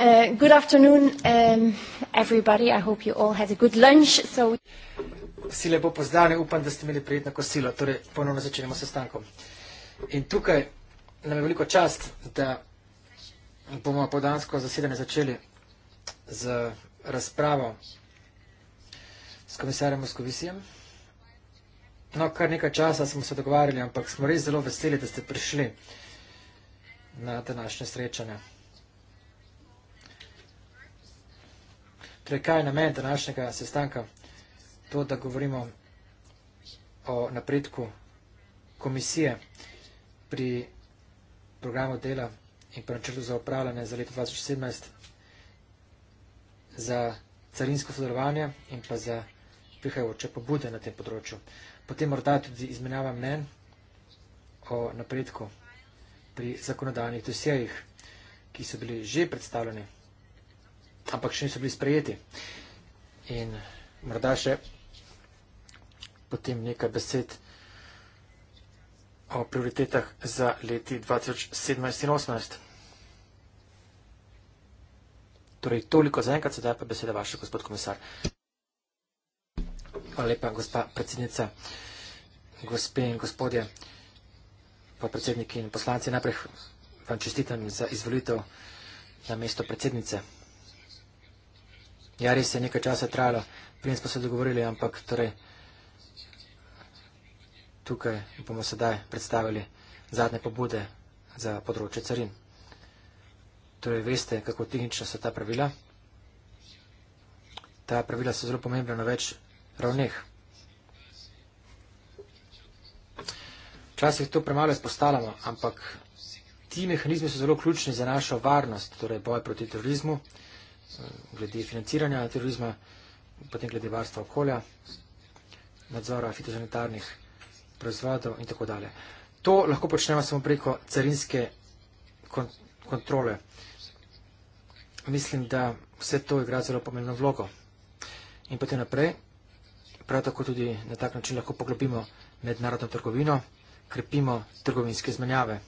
Uh, good afternoon, um, everybody. I hope you all had a good lunch. So Vsi lepo pozdravljeni, upam, da ste imeli prijetno kosilo. Torej, ponovno začenjamo s stankom. In tukaj nam je veliko čast, da bomo podansko zasedanje začeli z razpravo s komisarjem Moskovisijem. No, kar nekaj časa smo se dogovarjali, ampak smo res zelo veseli, da ste prišli na današnje srečanje. Torej, kaj je namen današnjega sestanka? To, da govorimo o napredku komisije pri programu dela in pa načrtu za upravljanje za leto 2017 za carinsko sodelovanje in pa za prihajajoče pobude na tem področju. Potem morda tudi izmenjava mnen o napredku pri zakonodajnih dosjejih, ki so bili že predstavljeni ampak še niso bili sprejeti. In morda še potem nekaj besed o prioritetah za leti 2017 in 2018. Torej, toliko za enkrat, sedaj pa beseda vaša, gospod komisar. Hvala lepa, gospa predsednica, gospe in gospodje, pa predsedniki in poslanci, najprej vam čestitam za izvolitev na mesto predsednice. Ja, res je nekaj časa trajalo, prej smo se dogovorili, ampak torej, tukaj bomo sedaj predstavili zadnje pobude za področje carin. Torej, veste, kako tehnično so ta pravila. Ta pravila so zelo pomembna na več ravneh. Včasih to premalo izpostavljamo, ampak ti mehanizmi so zelo ključni za našo varnost, torej boj proti terorizmu glede financiranja terorizma, potem glede varstva okolja, nadzora fitosanitarnih proizvodov in tako dalje. To lahko počnemo samo preko carinske kontrole. Mislim, da vse to igra zelo pomembno vlogo. In potem naprej, prav tako tudi na tak način lahko poglobimo mednarodno trgovino, krepimo trgovinske izmenjave.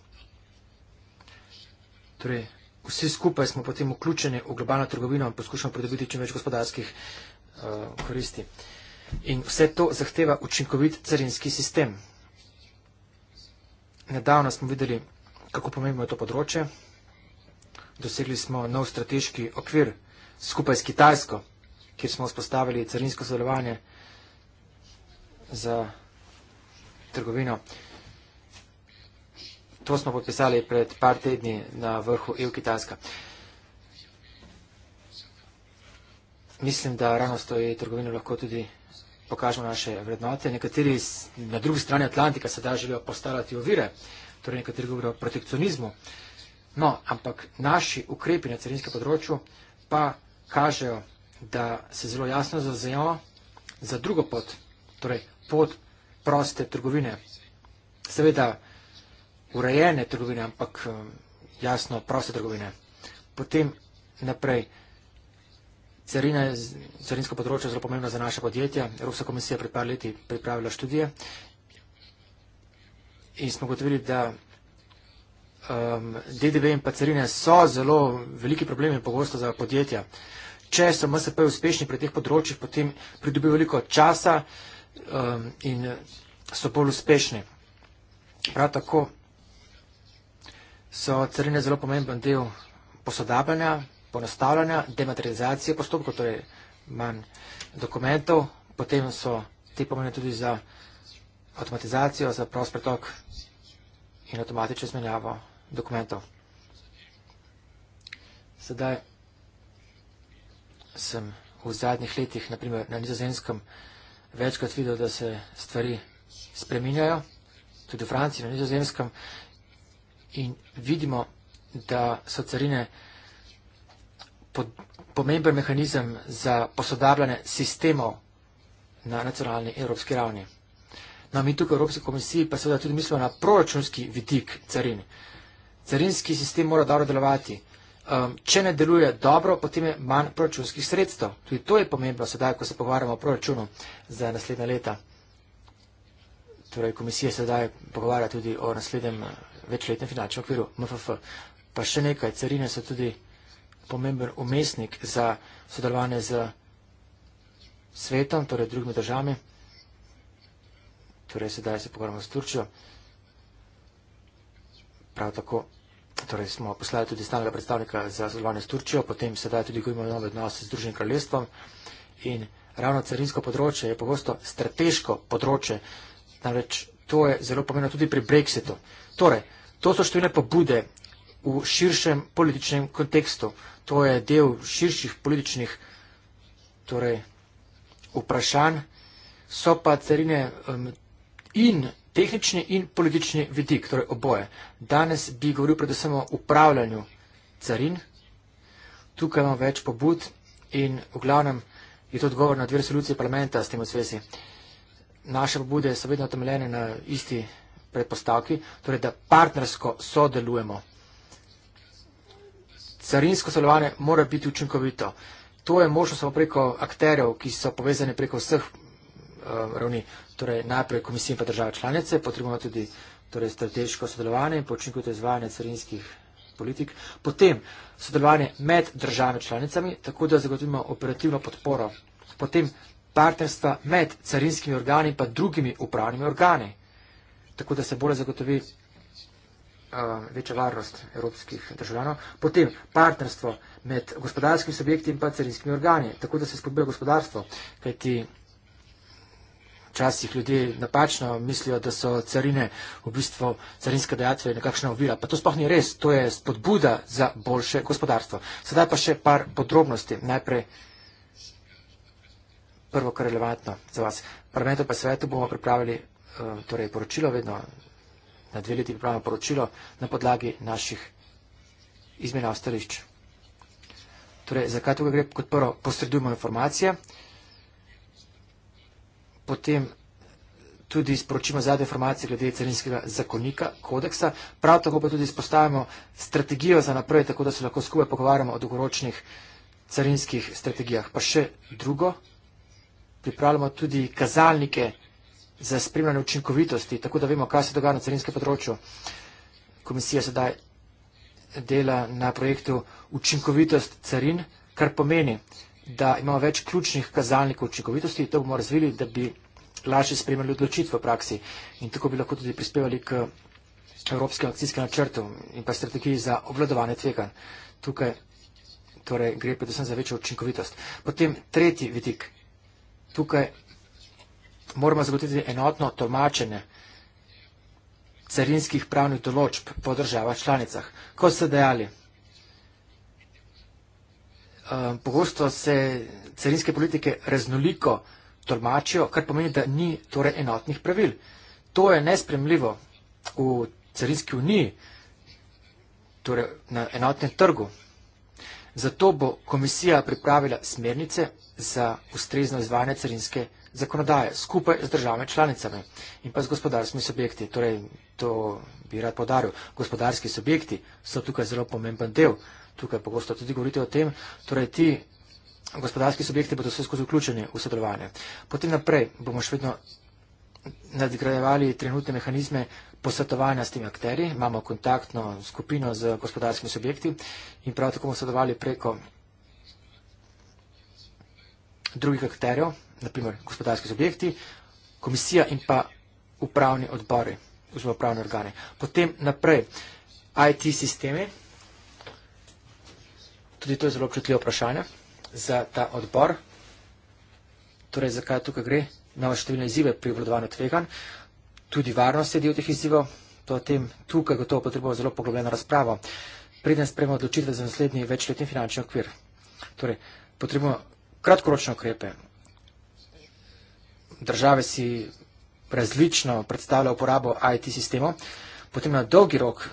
Torej, vsi skupaj smo potem vključeni v globalno trgovino in poskušamo pridobiti čim več gospodarskih uh, koristi. In vse to zahteva učinkovit carinski sistem. Nedavno smo videli, kako pomembno je to področje. Dosegli smo nov strateški okvir skupaj s Kitajsko, kjer smo vzpostavili carinsko sodelovanje za trgovino. Uh, To smo podpisali pred par tedni na vrhu EU Kitajska. Mislim, da ravno s toj trgovino lahko tudi pokažemo naše vrednote. Nekateri na drugi strani Atlantika sedaj želijo postavljati ovire, torej nekateri govorijo o protekcionizmu. No, ampak naši ukrepi na carinskem področju pa kažejo, da se zelo jasno zazajo za drugo pot, torej pot proste trgovine. Seveda, urejene trgovine, ampak um, jasno proste trgovine. Potem naprej, carine, carinsko področje je zelo pomembno za naše podjetja. Evropska komisija pred par leti pripravila študije in smo gotovili, da um, DDV in pa carine so zelo veliki problemi pogosto za podjetja. Če so MSP uspešni pri teh področjih, potem pridobijo veliko časa um, in so bolj uspešni. Prav tako so carine zelo pomemben del posodabljanja, ponostavljanja, dematerializacije postopkov, torej manj dokumentov, potem so te pomembne tudi za avtomatizacijo, za prost pretok in avtomatično izmenjavo dokumentov. Sedaj sem v zadnjih letih, naprimer na nizozemskem, večkrat videl, da se stvari spreminjajo, tudi v Franciji, na nizozemskem in vidimo, da so carine pod, pomemben mehanizem za posodabljanje sistemov na nacionalni evropski ravni. No, mi tukaj v Evropski komisiji pa seveda tudi mislimo na proračunski vidik carin. Carinski sistem mora dobro delovati. Um, če ne deluje dobro, potem je manj proračunskih sredstev. Tudi to je pomembno sedaj, ko se pogovarjamo o proračunu za naslednja leta. Torej, komisija sedaj pogovarja tudi o naslednjem večletnem finančnem okviru MFF. Pa še nekaj, carine so tudi pomemben umestnik za sodelovanje z svetom, torej drugimi državami. Torej sedaj se pogovarjamo s Turčjo. Prav tako torej smo poslali tudi stalnega predstavnika za sodelovanje s Turčjo, potem sedaj tudi govorimo o nove odnose z Združenim kraljestvom. In ravno carinsko področje je pogosto strateško področje, namreč to je zelo pomembno tudi pri Brexitu. Torej, to so številne pobude v širšem političnem kontekstu. To je del širših političnih torej, vprašanj. So pa carine um, in tehnični in politični vidik, torej oboje. Danes bi govoril predvsem o upravljanju carin. Tukaj imamo več pobud in v glavnem je to odgovor na dve resolucije parlamenta s tem v svesi naše pobude so vedno temeljene na isti predpostavki, torej da partnersko sodelujemo. Carinsko sodelovanje mora biti učinkovito. To je možno samo preko akterjev, ki so povezani preko vseh uh, ravni, torej najprej komisije in pa države članice, potrebujemo tudi torej, strateško sodelovanje in počinkovito izvajanje carinskih politik, potem sodelovanje med državami članicami, tako da zagotovimo operativno podporo, potem partnerstva med carinskimi organi in pa drugimi upravnimi organi, tako da se bolje zagotovi uh, večja varnost evropskih državljanov. Potem partnerstvo med gospodarskimi subjekti in pa carinskimi organi, tako da se spodbuja gospodarstvo, kajti včasih ljudje napačno mislijo, da so carine v bistvu carinska dejatva in nekakšna ovira. Pa to sploh ni res, to je spodbuda za boljše gospodarstvo. Sedaj pa še par podrobnosti. Najprej prvo, kar je relevantno za vas. Parlamentu pa svetu bomo pripravili eh, torej, poročilo, vedno na dve leti pripravljamo poročilo na podlagi naših izmenjav stališč. Torej, zakaj tukaj gre? Kot prvo, posredujemo informacije, potem tudi sporočimo zadnje informacije glede carinskega zakonika, kodeksa, prav tako pa tudi izpostavimo strategijo za naprej, tako da se lahko skupaj pogovarjamo o dolgoročnih carinskih strategijah. Pa še drugo, pripravljamo tudi kazalnike za spremljanje učinkovitosti, tako da vemo, kaj se dogaja na carinskem področju. Komisija sedaj dela na projektu učinkovitost carin, kar pomeni, da imamo več ključnih kazalnikov učinkovitosti, to bomo razvili, da bi lažje spremljali odločitve v praksi in tako bi lahko tudi prispevali k evropskem akcijskem načrtu in pa strategiji za obvladovanje tveganj. Tukaj torej, gre predvsem za večjo učinkovitost. Potem tretji vidik tukaj moramo zagotoviti enotno tolmačenje carinskih pravnih določb po državah članicah. Kot ste dejali, eh, pogosto se carinske politike raznoliko tolmačijo, kar pomeni, da ni torej enotnih pravil. To je nespremljivo v carinski uniji, torej na enotnem trgu. Zato bo komisija pripravila smernice za ustrezno izvajanje carinske zakonodaje skupaj z državami članicami in pa z gospodarskimi subjekti. Torej, to bi rad podaril. Gospodarski subjekti so tukaj zelo pomemben del. Tukaj pogosto tudi govorite o tem. Torej, ti gospodarski subjekti bodo vse skozi vključeni v sodelovanje. Potem naprej bomo še vedno nadgrajevali trenutne mehanizme posvetovanja s temi akteri. Imamo kontaktno skupino z gospodarskimi subjekti in prav tako bomo sodelovali preko drugih akterjev, naprimer gospodarski subjekti, komisija in pa upravni odbori oziroma upravni organi. Potem naprej IT sistemi. Tudi to je zelo občutljivo vprašanje za ta odbor. Torej, zakaj tukaj gre? Imamo številne izzive pri obvladovanju tvegan. Tudi varnost je del teh izzivov. To tem tukaj gotovo potrebujemo zelo poglobljeno razpravo. Preden sprejmemo odločitve za naslednji večletni finančni okvir. Torej, potrebujemo kratkoročne ukrepe. Države si različno predstavljajo uporabo IT sistemov, potem na dolgi rok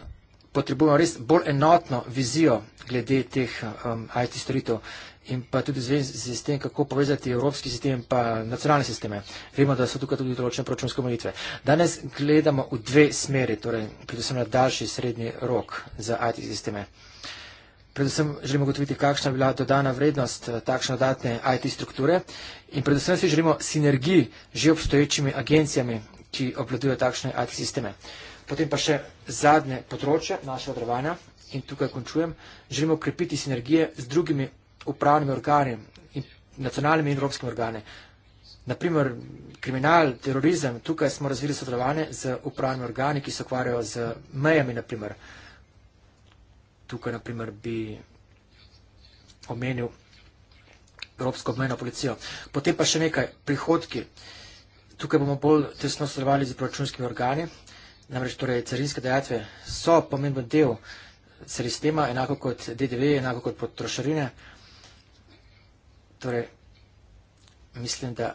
potrebujemo res bolj enotno vizijo glede teh um, IT storitev in pa tudi zvezi s tem, kako povezati evropski sistem in pa nacionalne sisteme. Vemo, da so tukaj tudi določene proračunske molitve. Danes gledamo v dve smeri, torej predvsem na daljši srednji rok za IT sisteme predvsem želimo gotoviti, kakšna je bila dodana vrednost eh, takšne dodatne IT strukture in predvsem si želimo sinergij že obstoječimi agencijami, ki obvladujejo takšne IT sisteme. Potem pa še zadnje področje našega drevanja in tukaj končujem. Želimo krepiti sinergije z drugimi upravnimi organi in nacionalnimi in evropskimi organi. Naprimer, kriminal, terorizem, tukaj smo razvili sodelovanje z upravnimi organi, ki se okvarjajo z mejami, naprimer tukaj naprimer bi omenil Evropsko obmejno policijo. Potem pa še nekaj, prihodki. Tukaj bomo bolj tesno sodelovali z proračunskimi organi, namreč torej carinske dejatve so pomemben del sistema, enako kot DDV, enako kot potrošarine. Torej, mislim, da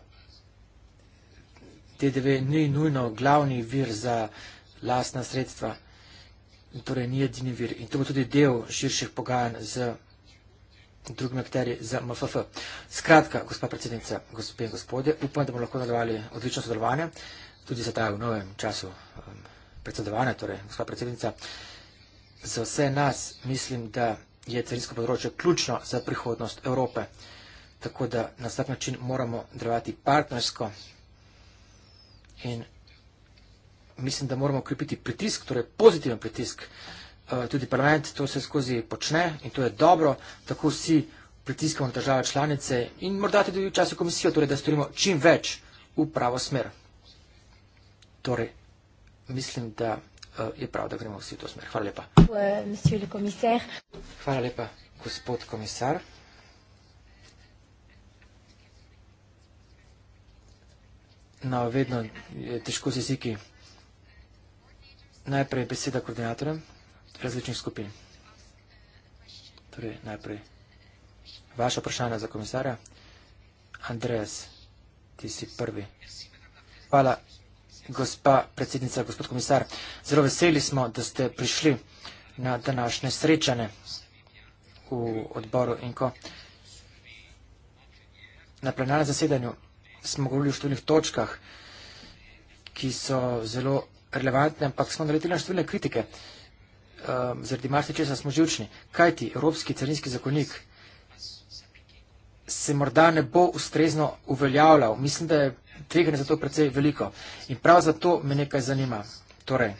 DDV ni nujno glavni vir za lastna sredstva in torej ni edini vir. In to bo tudi del širših pogajanj z drugimi akterji, z MFF. Skratka, gospa predsednica, gospe in gospode, upam, da bomo lahko nadaljevali odlično sodelovanje, tudi za ta v novem času um, predsedovanja, torej, gospa predsednica, za vse nas mislim, da je carinsko področje ključno za prihodnost Evrope. Tako da na vsak način moramo delovati partnersko in mislim, da moramo ukrepiti pritisk, torej pozitiven pritisk. Eh, tudi parlament to vse skozi počne in to je dobro, tako vsi pritiskamo države članice in morda tudi včasih komisijo, torej da storimo čim več v pravo smer. Torej, mislim, da eh, je prav, da gremo vsi v to smer. Hvala lepa. Hvala lepa, gospod komisar. No, vedno je težko z jeziki najprej beseda koordinatorem različnih skupin. Torej, najprej vaša vprašanja za komisarja. Andreas, ti si prvi. Hvala, gospa predsednica, gospod komisar. Zelo veseli smo, da ste prišli na današnje srečane v odboru INKO. Na plenarnem zasedanju smo govorili o številnih točkah, ki so zelo relevantne, ampak smo naleteli na številne kritike. Um, zaradi marsičesa smo živčni. Kaj ti, Evropski carinski zakonik se morda ne bo ustrezno uveljavljal? Mislim, da je tveganje za to precej veliko. In prav zato me nekaj zanima. Torej,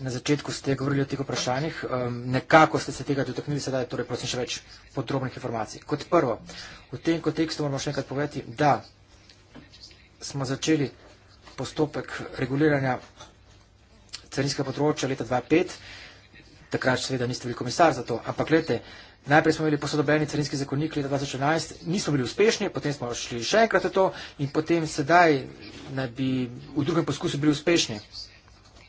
na začetku ste govorili o teh vprašanjih, um, nekako ste se tega dotaknili, sedaj torej prosim še več podrobnih informacij. Kot prvo, v tem kontekstu moramo še enkrat povedati, da smo začeli postopek reguliranja carinskega področja leta 2005, takrat seveda niste bili komisar za to, ampak gledajte, najprej smo imeli posodobljeni carinski zakonnik leta 2011, nismo bili uspešni, potem smo šli še enkrat v to in potem sedaj naj bi v drugem poskusu bili uspešni,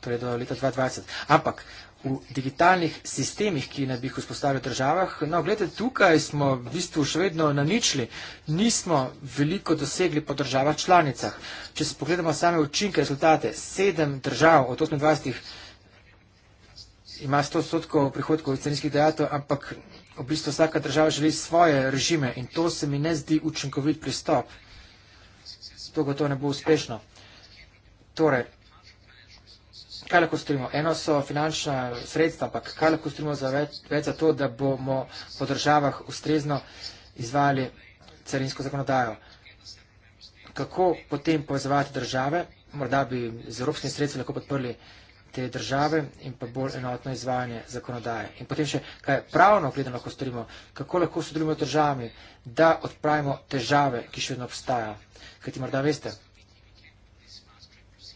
torej do leta 2020. Ampak v digitalnih sistemih, ki naj bi jih vzpostavili v državah. No, gledajte, tukaj smo v bistvu še vedno na ničli, nismo veliko dosegli po državah članicah. Če se pogledamo same učinke, rezultate, sedem držav od 28 ima 100 odstotkov prihodkov iz cenijskih dejatov, ampak v bistvu vsaka država želi svoje režime in to se mi ne zdi učinkovit pristop. To gotovo ne bo uspešno. Torej, kaj lahko storimo? Eno so finančna sredstva, ampak kaj lahko storimo za več, več za to, da bomo po državah ustrezno izvajali carinsko zakonodajo? Kako potem povezovati države? Morda bi z evropskimi sredstvi lahko podprli te države in pa bolj enotno izvajanje zakonodaje. In potem še, kaj pravno gledano lahko storimo, kako lahko sodelujemo državami, da odpravimo težave, ki še vedno obstajajo. Kaj ti morda veste?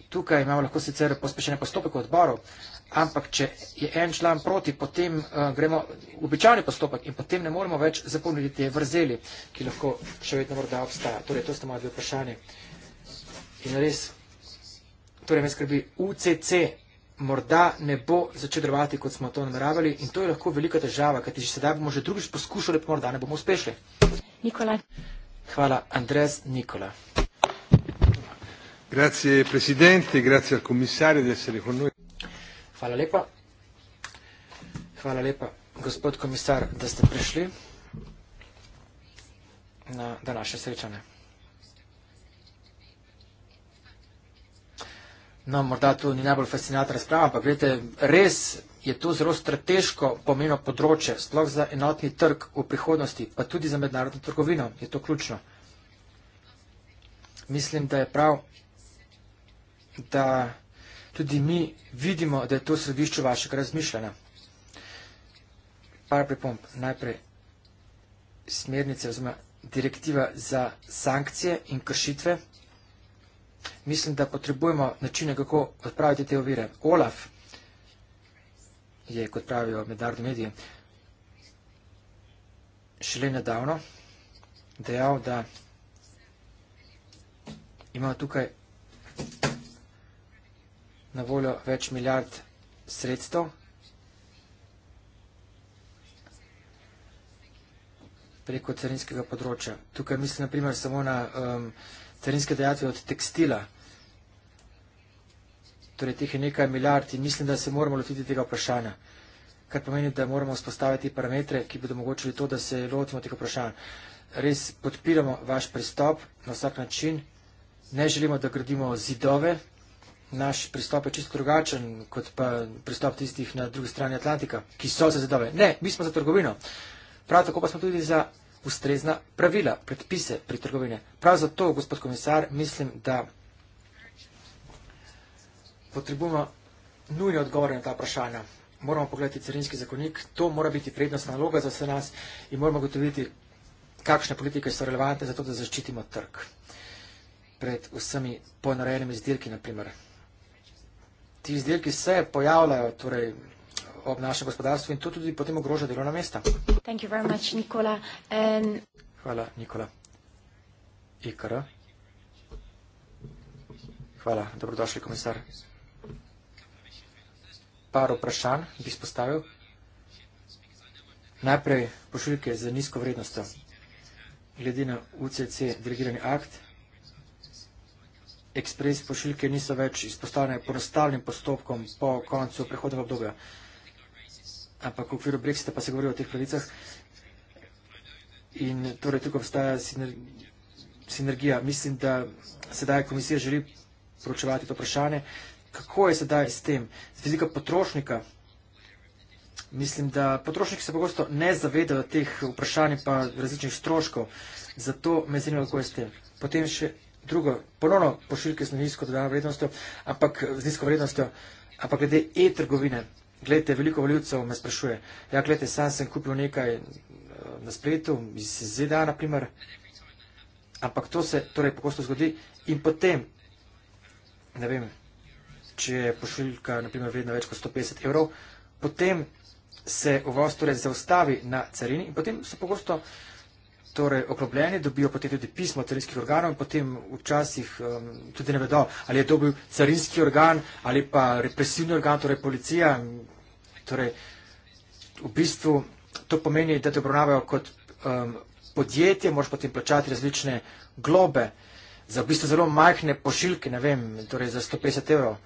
Tukaj imamo lahko sicer pospešene postopek v odboru, ampak če je en član proti, potem uh, gremo v običajni postopek in potem ne moremo več zapolniti te vrzeli, ki lahko še vedno morda obstaja. Torej, to ste moje dve vprašanje. In res, torej me skrbi, UCC morda ne bo začel delovati, kot smo to nameravali in to je lahko velika težava, kajti že sedaj bomo že drugič poskušali, pa morda ne bomo uspešni. Nikola. Hvala, Andres Nikola. Grazie Presidente, grazie al Commissario di essere con noi. Hvala lepa. Hvala lepa, gospod komisar, da ste prišli na današnje srečanje. No, morda to ni najbolj fascinatna razprava, ampak vedete, res je to zelo strateško pomeno področje, sploh za enotni trg v prihodnosti, pa tudi za mednarodno trgovino, je to ključno. Mislim, da je prav da tudi mi vidimo, da je to središče vašega razmišljanja. Par pripomp. Najprej smernice oziroma direktiva za sankcije in kršitve. Mislim, da potrebujemo načine, kako odpraviti te ovire. Olaf je, kot pravijo medarde medije, šele nedavno dejal, da imamo tukaj na voljo več milijard sredstev. preko carinskega področja. Tukaj mislim na primer samo na um, carinske dejatve od tekstila. Torej, teh je nekaj milijard in mislim, da se moramo lotiti tega vprašanja. Kar pomeni, da moramo spostaviti parametre, ki bodo omogočili to, da se lotimo tega vprašanja. Res podpiramo vaš pristop na vsak način. Ne želimo, da gradimo zidove, naš pristop je čisto drugačen kot pa pristop tistih na drugi strani Atlantika, ki so za zidove. Ne, mi smo za trgovino. Prav tako pa smo tudi za ustrezna pravila, predpise pri trgovini. Prav zato, gospod komisar, mislim, da potrebujemo nujne odgovore na ta vprašanja. Moramo pogledati carinski zakonik, to mora biti prednostna naloga za vse nas in moramo gotoviti, kakšne politike so relevante za to, da zaščitimo trg pred vsemi ponarejenimi izdelki, naprimer ti izdelki se pojavljajo torej, ob našem gospodarstvu in to tudi potem ogroža delovna mesta. Much, Nikola. And... Hvala, Nikola. Ikara. Hvala, dobrodošli, komisar. Par vprašanj bi spostavil. Najprej pošiljke za nizko vrednostjo. Glede na UCC delegirani akt, ekspres pošiljke niso več izpostavljene porastalnim postopkom po koncu prehodnega obdobja. Ampak v okviru Brexita pa se govori o teh pravicah in torej tukaj obstaja sinergija. Mislim, da sedaj komisija želi poročevati to vprašanje, kako je sedaj s tem. Z vizika potrošnika, mislim, da potrošniki se pogosto ne zavedajo teh vprašanj pa različnih stroškov, zato me zanima, kako je s tem. Potem še drugo, ponovno pošiljke z nizko dodano vrednostjo, ampak z nizko vrednostjo, ampak glede e-trgovine, gledajte, veliko voljivcev me sprašuje, ja, gledajte, sam sem kupil nekaj eh, na spletu, iz ZDA naprimer, ampak to se, torej, pokosto zgodi in potem, ne vem, če je pošiljka, naprimer, vredna več kot 150 evrov, potem se uvoz, torej, zaustavi na carini in potem se pokosto zgodi, torej oklopljeni, dobijo potem tudi pismo carinskih organov in potem včasih um, tudi ne vedo, ali je dobil carinski organ ali pa represivni organ, torej policija. Torej, v bistvu to pomeni, da te obravnavajo kot um, podjetje, moraš potem plačati različne globe za v bistvu zelo majhne pošiljke, ne vem, torej za 150 evrov.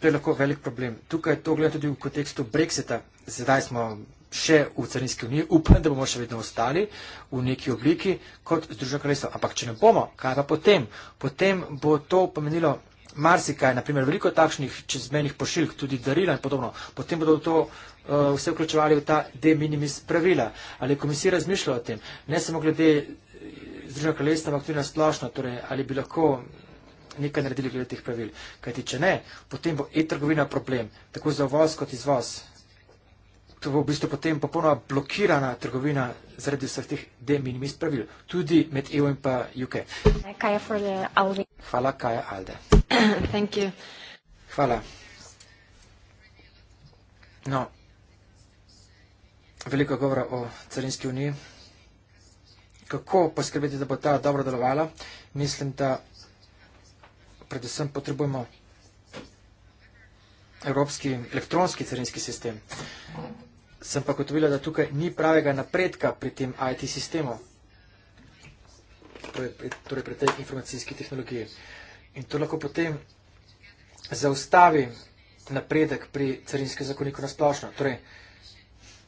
To je lahko velik problem. Tukaj to gledam tudi v kontekstu Brexita. Zdaj smo še v carinski uniji, upam, da bomo še vedno ostali v neki obliki kot Združeno kraljestvo. Ampak če ne bomo, kaj pa potem? Potem bo to pomenilo marsikaj, naprimer veliko takšnih čezmenih pošiljk, tudi darila in podobno. Potem bodo to uh, vse vključevali v ta de minimis pravila. Ali komisija razmišlja o tem? Ne samo glede eh, Združeno kraljestvo, ampak tudi na splošno, torej ali bi lahko nekaj naredili glede teh pravil. Kajti, če ne, potem bo e-trgovina problem, tako za uvoz kot izvoz. To bo v bistvu potem popolnoma blokirana trgovina zaradi vseh teh de minimis pravil, tudi med EU in pa UK. Kaja Hvala, Kaja Alde. Thank you. Hvala. No, veliko govora o carinski uniji. Kako poskrbeti, da bo ta dobro delovala? Mislim, da predvsem potrebujemo evropski elektronski carinski sistem sem pa gotovila, da tukaj ni pravega napredka pri tem IT sistemu, torej pri, torej pri tej informacijski tehnologiji. In to lahko potem zaustavi napredek pri carinske zakoniku nasplošno. Torej,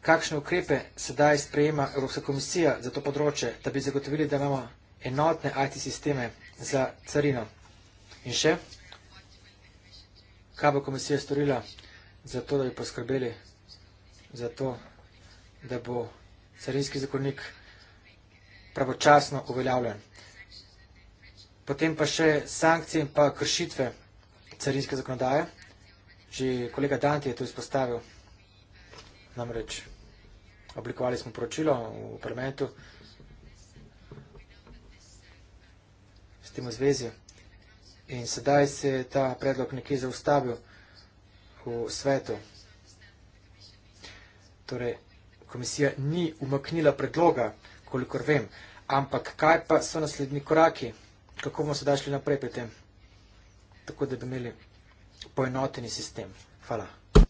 kakšne ukrepe sedaj sprejema Evropska komisija za to področje, da bi zagotovili, da imamo enotne IT sisteme za carino. In še, kaj bo komisija storila za to, da bi poskrbeli za to, da bo carinski zakonnik pravočasno uveljavljen. Potem pa še sankcije in pa kršitve carinske zakonodaje. Že kolega Danti je to izpostavil. Namreč oblikovali smo poročilo v parlamentu s tem v zvezi. In sedaj se je ta predlog nekje zaustavil v svetu torej komisija ni umaknila predloga, kolikor vem, ampak kaj pa so naslednji koraki, kako bomo sedaj šli naprej pri tem, tako da bi imeli poenoteni sistem. Hvala.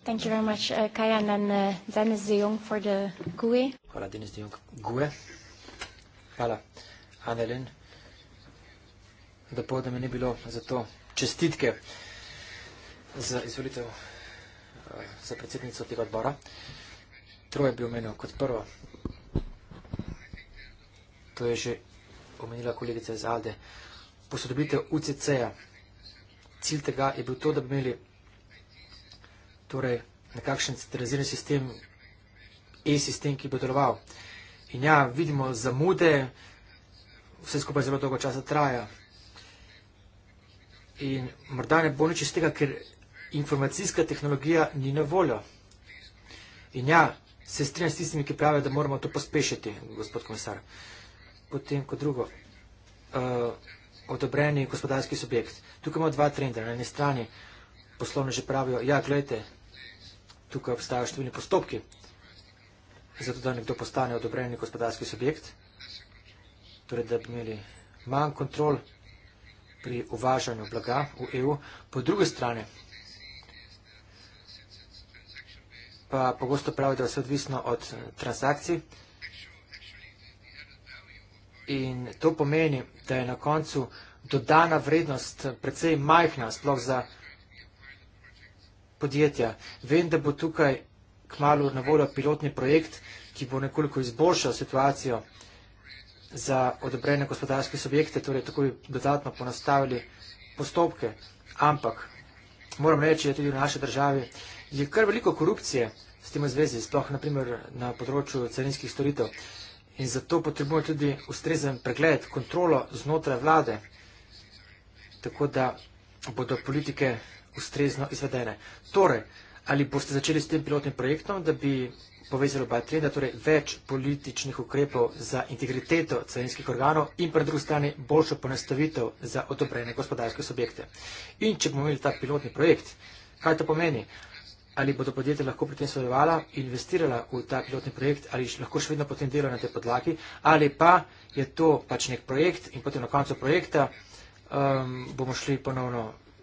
Thank you very much, uh, Kajan and uh, Dennis de Jong for the GUE. Hvala, Dennis de Jong. GUE. Hvala, Annelin. Dopol, da me ne bilo za to čestitke za izvolitev uh, za predsednico tega odbora. Uh, Troje bi omenil kot prvo. To je že omenila kolegica iz Alde. Posodobitev UCC-ja. Cilj tega je bil to, da bi imeli torej, nekakšen centraliziran sistem, e-sistem, ki bo deloval. In ja, vidimo zamude, vse skupaj zelo dolgo časa traja. In morda ne bo nič iz tega, ker informacijska tehnologija ni na voljo. In ja, se strinjam s tistimi, ki pravijo, da moramo to pospešiti, gospod komisar. Potem, kot drugo, uh, odobreni gospodarski subjekt. Tukaj imamo dva trenda. Na eni strani poslovne že pravijo, ja, gledajte, tukaj obstajajo številni postopki, zato da nekdo postane odobreni gospodarski subjekt, torej da bi imeli manj kontrol pri uvažanju blaga v EU. Po drugi strani pa pogosto pravi, da je vse odvisno od eh, transakcij. In to pomeni, da je na koncu dodana vrednost eh, precej majhna, sploh za podjetja. Vem, da bo tukaj kmalo na voljo pilotni projekt, ki bo nekoliko izboljšal situacijo za odobrene gospodarske subjekte, torej tako bi dodatno ponastavili postopke. Ampak moram reči, da tudi v naši državi je kar veliko korupcije s tem v zvezi, sploh naprimer na področju carinskih storitev. In zato potrebuje tudi ustrezen pregled, kontrolo znotraj vlade, tako da bodo politike ustrezno izvedene. Torej, ali boste začeli s tem pilotnim projektom, da bi povezali oba trenda, torej več političnih ukrepov za integriteto carinskih organov in pred drugo strani boljšo ponastavitev za odobrene gospodarske subjekte. In če bomo imeli ta pilotni projekt, kaj to pomeni? ali bodo podjetja lahko pri tem sodelovala, investirala v ta pilotni projekt, ali lahko še vedno potem delajo na tej podlagi, ali pa je to pač nek projekt in potem na koncu projekta um, bomo šli ponovno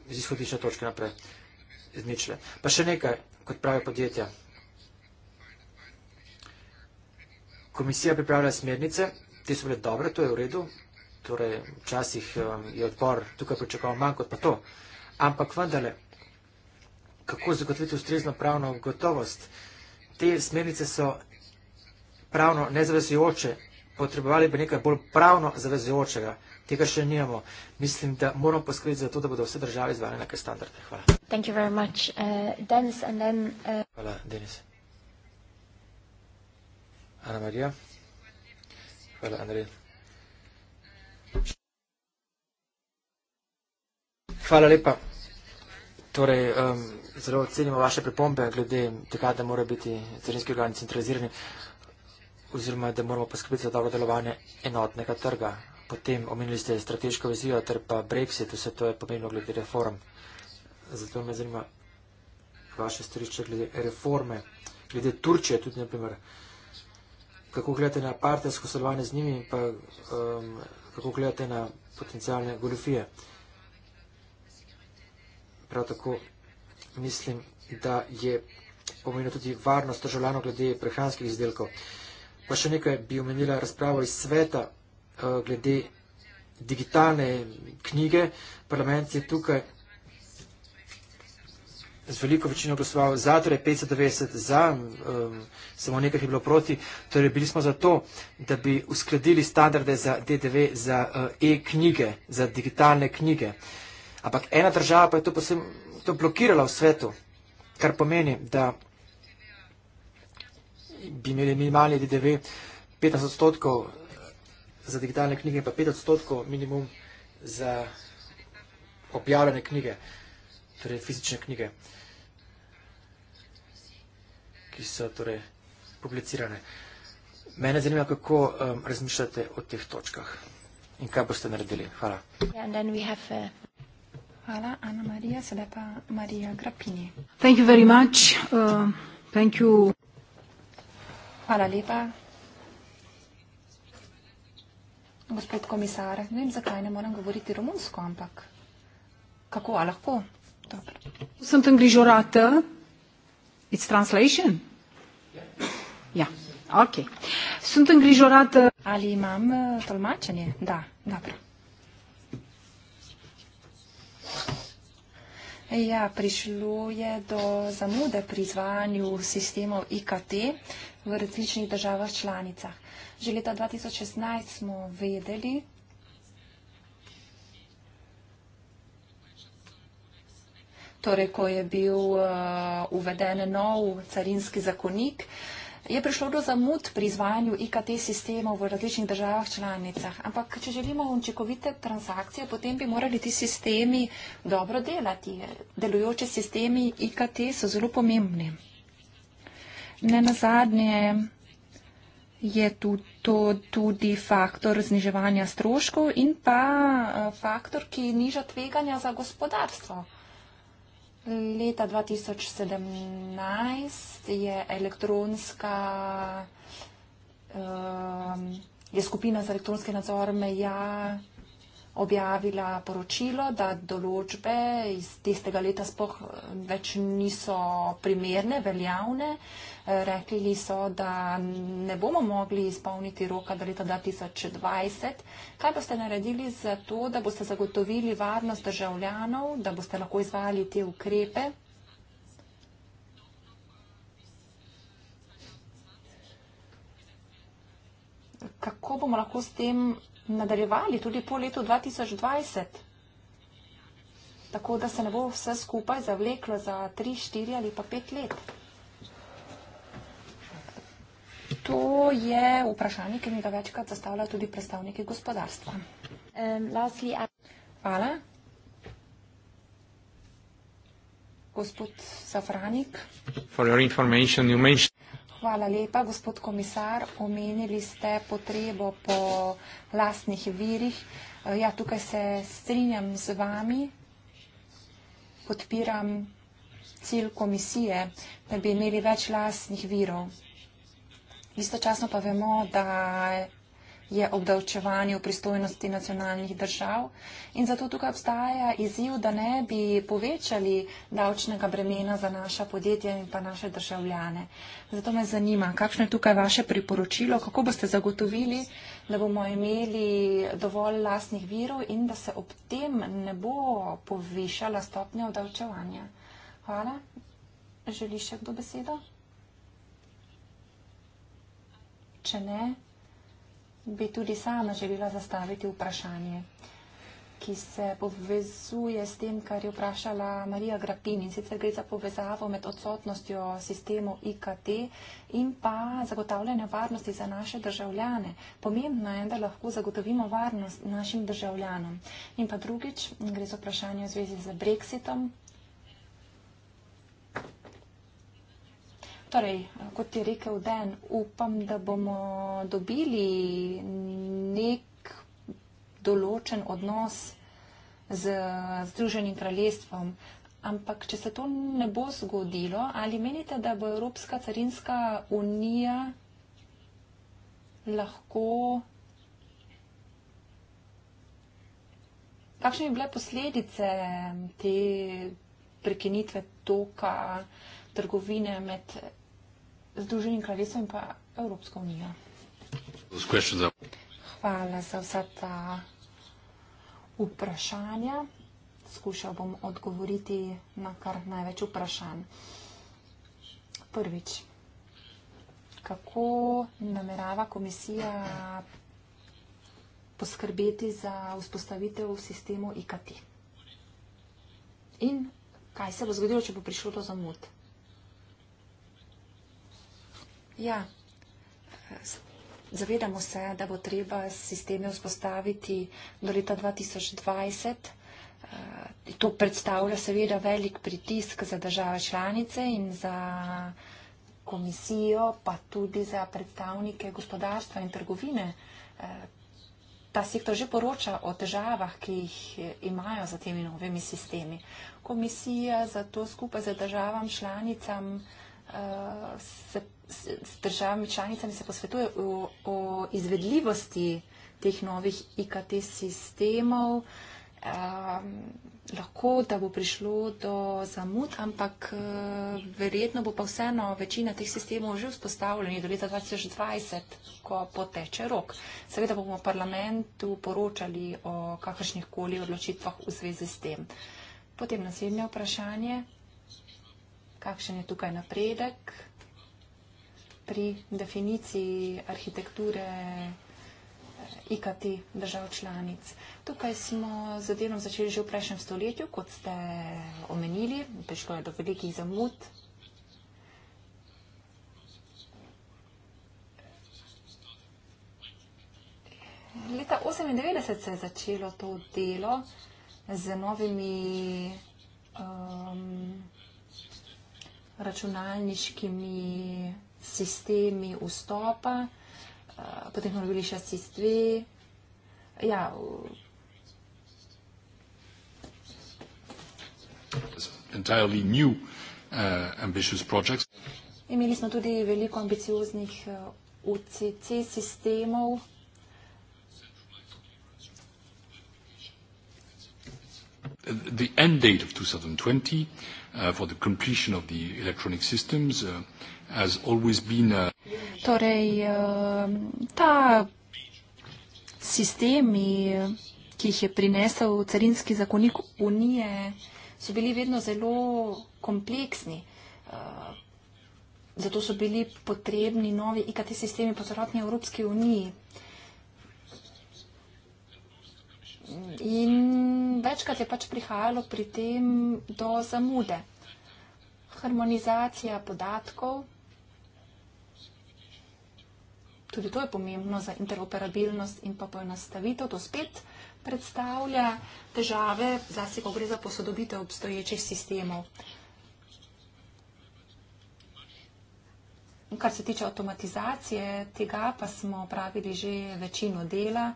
iz izhodišče točke naprej, iz ničle. Pa še nekaj, kot pravi podjetja. Komisija pripravlja smernice, te so bile dobre, to je v redu, torej včasih um, je odpor tukaj pričakoval manj kot pa to, ampak vendarle kako zagotoviti ustrezno pravno gotovost. Te smernice so pravno nezavezujoče, potrebovali bi nekaj bolj pravno zavezujočega. Tega še nijemo. Mislim, da moramo poskrbeti za to, da bodo vse države izvajale neke standarde. Hvala. Thank you very much, uh, Dennis. And then, uh... Hvala, Dennis. Ana Marija. Hvala, Andrej. Hvala lepa. Torej, um, zelo ocenimo vaše pripombe glede tega, da morajo biti carinski organi centralizirani oziroma da moramo poskrbeti za dobro delovanje enotnega trga. Potem omenili ste strateško vizijo ter pa Brexit, vse to je pomembno glede reform. Zato me zanima vaše stališče glede reforme, glede Turčije tudi, na primer. Kako gledate na partnersko sodelovanje z njimi in pa um, kako gledate na potencijalne goljofije? Prav tako mislim, da je pomenila tudi varnost državljanov glede prehranskih izdelkov. Pa še nekaj bi omenila razpravo iz sveta eh, glede digitalne knjige. Parlament je tukaj z veliko večino glasoval za, torej 590 za, um, samo nekaj je bilo proti. Torej bili smo za to, da bi uskladili standarde za DDV za uh, e-knjige, za digitalne knjige. Uh, Ampak ena država pa je to posebej to blokirala v svetu, kar pomeni, da bi imeli minimalni DDV 15 odstotkov za digitalne knjige in pa 5 odstotkov minimum za objavljene knjige, torej fizične knjige, ki so torej publicirane. Mene zanima, kako um, razmišljate o teh točkah in kaj boste naredili. Hvala. Yeah, Hvala, Ana Marija, sedaj pa Marija Grapini. Thank you very much. Uh, thank you. Hvala lepa. Gospod komisar, ne vem, zakaj ne moram govoriti romunsko, ampak kako, a lahko? Dobro. Sem tam grižorat. Eh? It's translation? Ja, ok. Sem tam grižorat. Eh? Ali imam eh, tolmačenje? Da, dobro. Ja, prišlo je do zamude pri izvajanju sistemov IKT v različnih državah članicah. Že leta 2016 smo vedeli, torej ko je bil eh, uveden nov carinski zakonik, je prišlo do zamud pri izvajanju IKT sistemov v različnih državah članicah. Ampak, če želimo učinkovite transakcije, potem bi morali ti sistemi dobro delati. Delujoče sistemi IKT so zelo pomembni. Ne nazadnje je tu, to tudi faktor zniževanja stroškov in pa eh, faktor, ki niža tveganja za gospodarstvo. Leta 2017 je elektronska, um, je skupina za elektronski nadzor meja objavila poročilo, da določbe iz tistega leta spoh eh, več niso primerne, veljavne. Eh, rekli so, da ne bomo mogli izpolniti roka do leta 2020. Kaj boste naredili za to, da boste zagotovili varnost državljanov, da boste lahko izvali te ukrepe? Kako bomo lahko s tem nadaljevali tudi po letu 2020. Tako da se ne bo vse skupaj zavleklo za 3, 4 ali pa 5 let. To je vprašanje, ki mi ga večkrat zastavlja tudi predstavniki gospodarstva. Hvala. Gospod Safranik. For your information, you mentioned... Hvala lepa, gospod komisar. Omenili ste potrebo po lastnih virih. Eh, ja, tukaj se strinjam z vami. Podpiram cilj komisije, da bi imeli več lastnih virov. Istočasno pa vemo, da je obdavčevanje v pristojnosti nacionalnih držav. In zato tukaj obstaja izziv, da ne bi povečali davčnega bremena za naša podjetja in pa naše državljane. Zato me zanima, kakšno je tukaj vaše priporočilo, kako boste zagotovili, da bomo imeli dovolj lastnih virov in da se ob tem ne bo povišala stopnja obdavčevanja. Hvala. Želiš še kdo besedo? Če ne, bi tudi sama želela zastaviti vprašanje, ki se povezuje s tem, kar je vprašala Marija Grapin in sicer gre za povezavo med odsotnostjo sistemov IKT in pa zagotavljanje varnosti za naše državljane. Pomembno je, da lahko zagotovimo varnost našim državljanom. In pa drugič gre za vprašanje v zvezi z Brexitom, Torej, kot je rekel Dan, upam, da bomo dobili nek določen odnos z Združenim kraljestvom. Ampak, če se to ne bo zgodilo, ali menite, da bo Evropska carinska unija lahko. Kakšne bi bile posledice te prekinitve toka trgovine med Združenim kraljestvom in pa Evropsko unijo. Hvala za vsa ta vprašanja. Skušal bom odgovoriti na kar največ vprašanj. Prvič, kako namerava komisija poskrbeti za vzpostavitev v sistemu IKT? In kaj se bo zgodilo, če bo prišlo do zamud? Ja, zavedamo se, da bo treba sisteme vzpostaviti do leta 2020. Eh, to predstavlja seveda velik pritisk za države članice in za komisijo, pa tudi za predstavnike gospodarstva in trgovine. Eh, ta sektor že poroča o težavah, ki jih eh, imajo za temi novimi sistemi. Komisija za to skupaj za državam članicam se predstavlja z državami članicami se posvetuje o, o izvedljivosti teh novih IKT sistemov. Um, lahko, da bo prišlo do zamud, ampak eh, verjetno bo pa vseeno večina teh sistemov že vzpostavljeni do leta 2020, ko poteče rok. Seveda bomo parlamentu poročali o kakršnih koli odločitvah v zvezi s tem. Potem naslednje vprašanje. Kakšen je tukaj napredek? pri definiciji arhitekture eh, IKT držav članic. Tukaj smo z delom začeli že v prejšnjem stoletju, kot ste omenili, prišlo je do velikih zamud. Leta 1998 se je začelo to delo z novimi um, računalniškimi sistemi vstopa, eh, potem smo dobili še sist dve. Ja. Entirely new uh, ambitious projects. Imeli smo tudi veliko ambicioznih eh, UCC sistemov. The end date of 2020 Uh, for the completion of the electronic systems uh, has always been uh, torej um, uh, ta sistemi ki jih je prinesel carinski zakonik unije so bili vedno zelo kompleksni uh, zato so bili potrebni novi IKT sistemi po celotni evropski uniji In večkrat je pač prihajalo pri tem do zamude. Harmonizacija podatkov, tudi to je pomembno za interoperabilnost in pa poenostavitev, to spet predstavlja težave, zase ko gre za posodobitev obstoječih sistemov. Kar se tiče avtomatizacije, tega pa smo opravili že večino dela.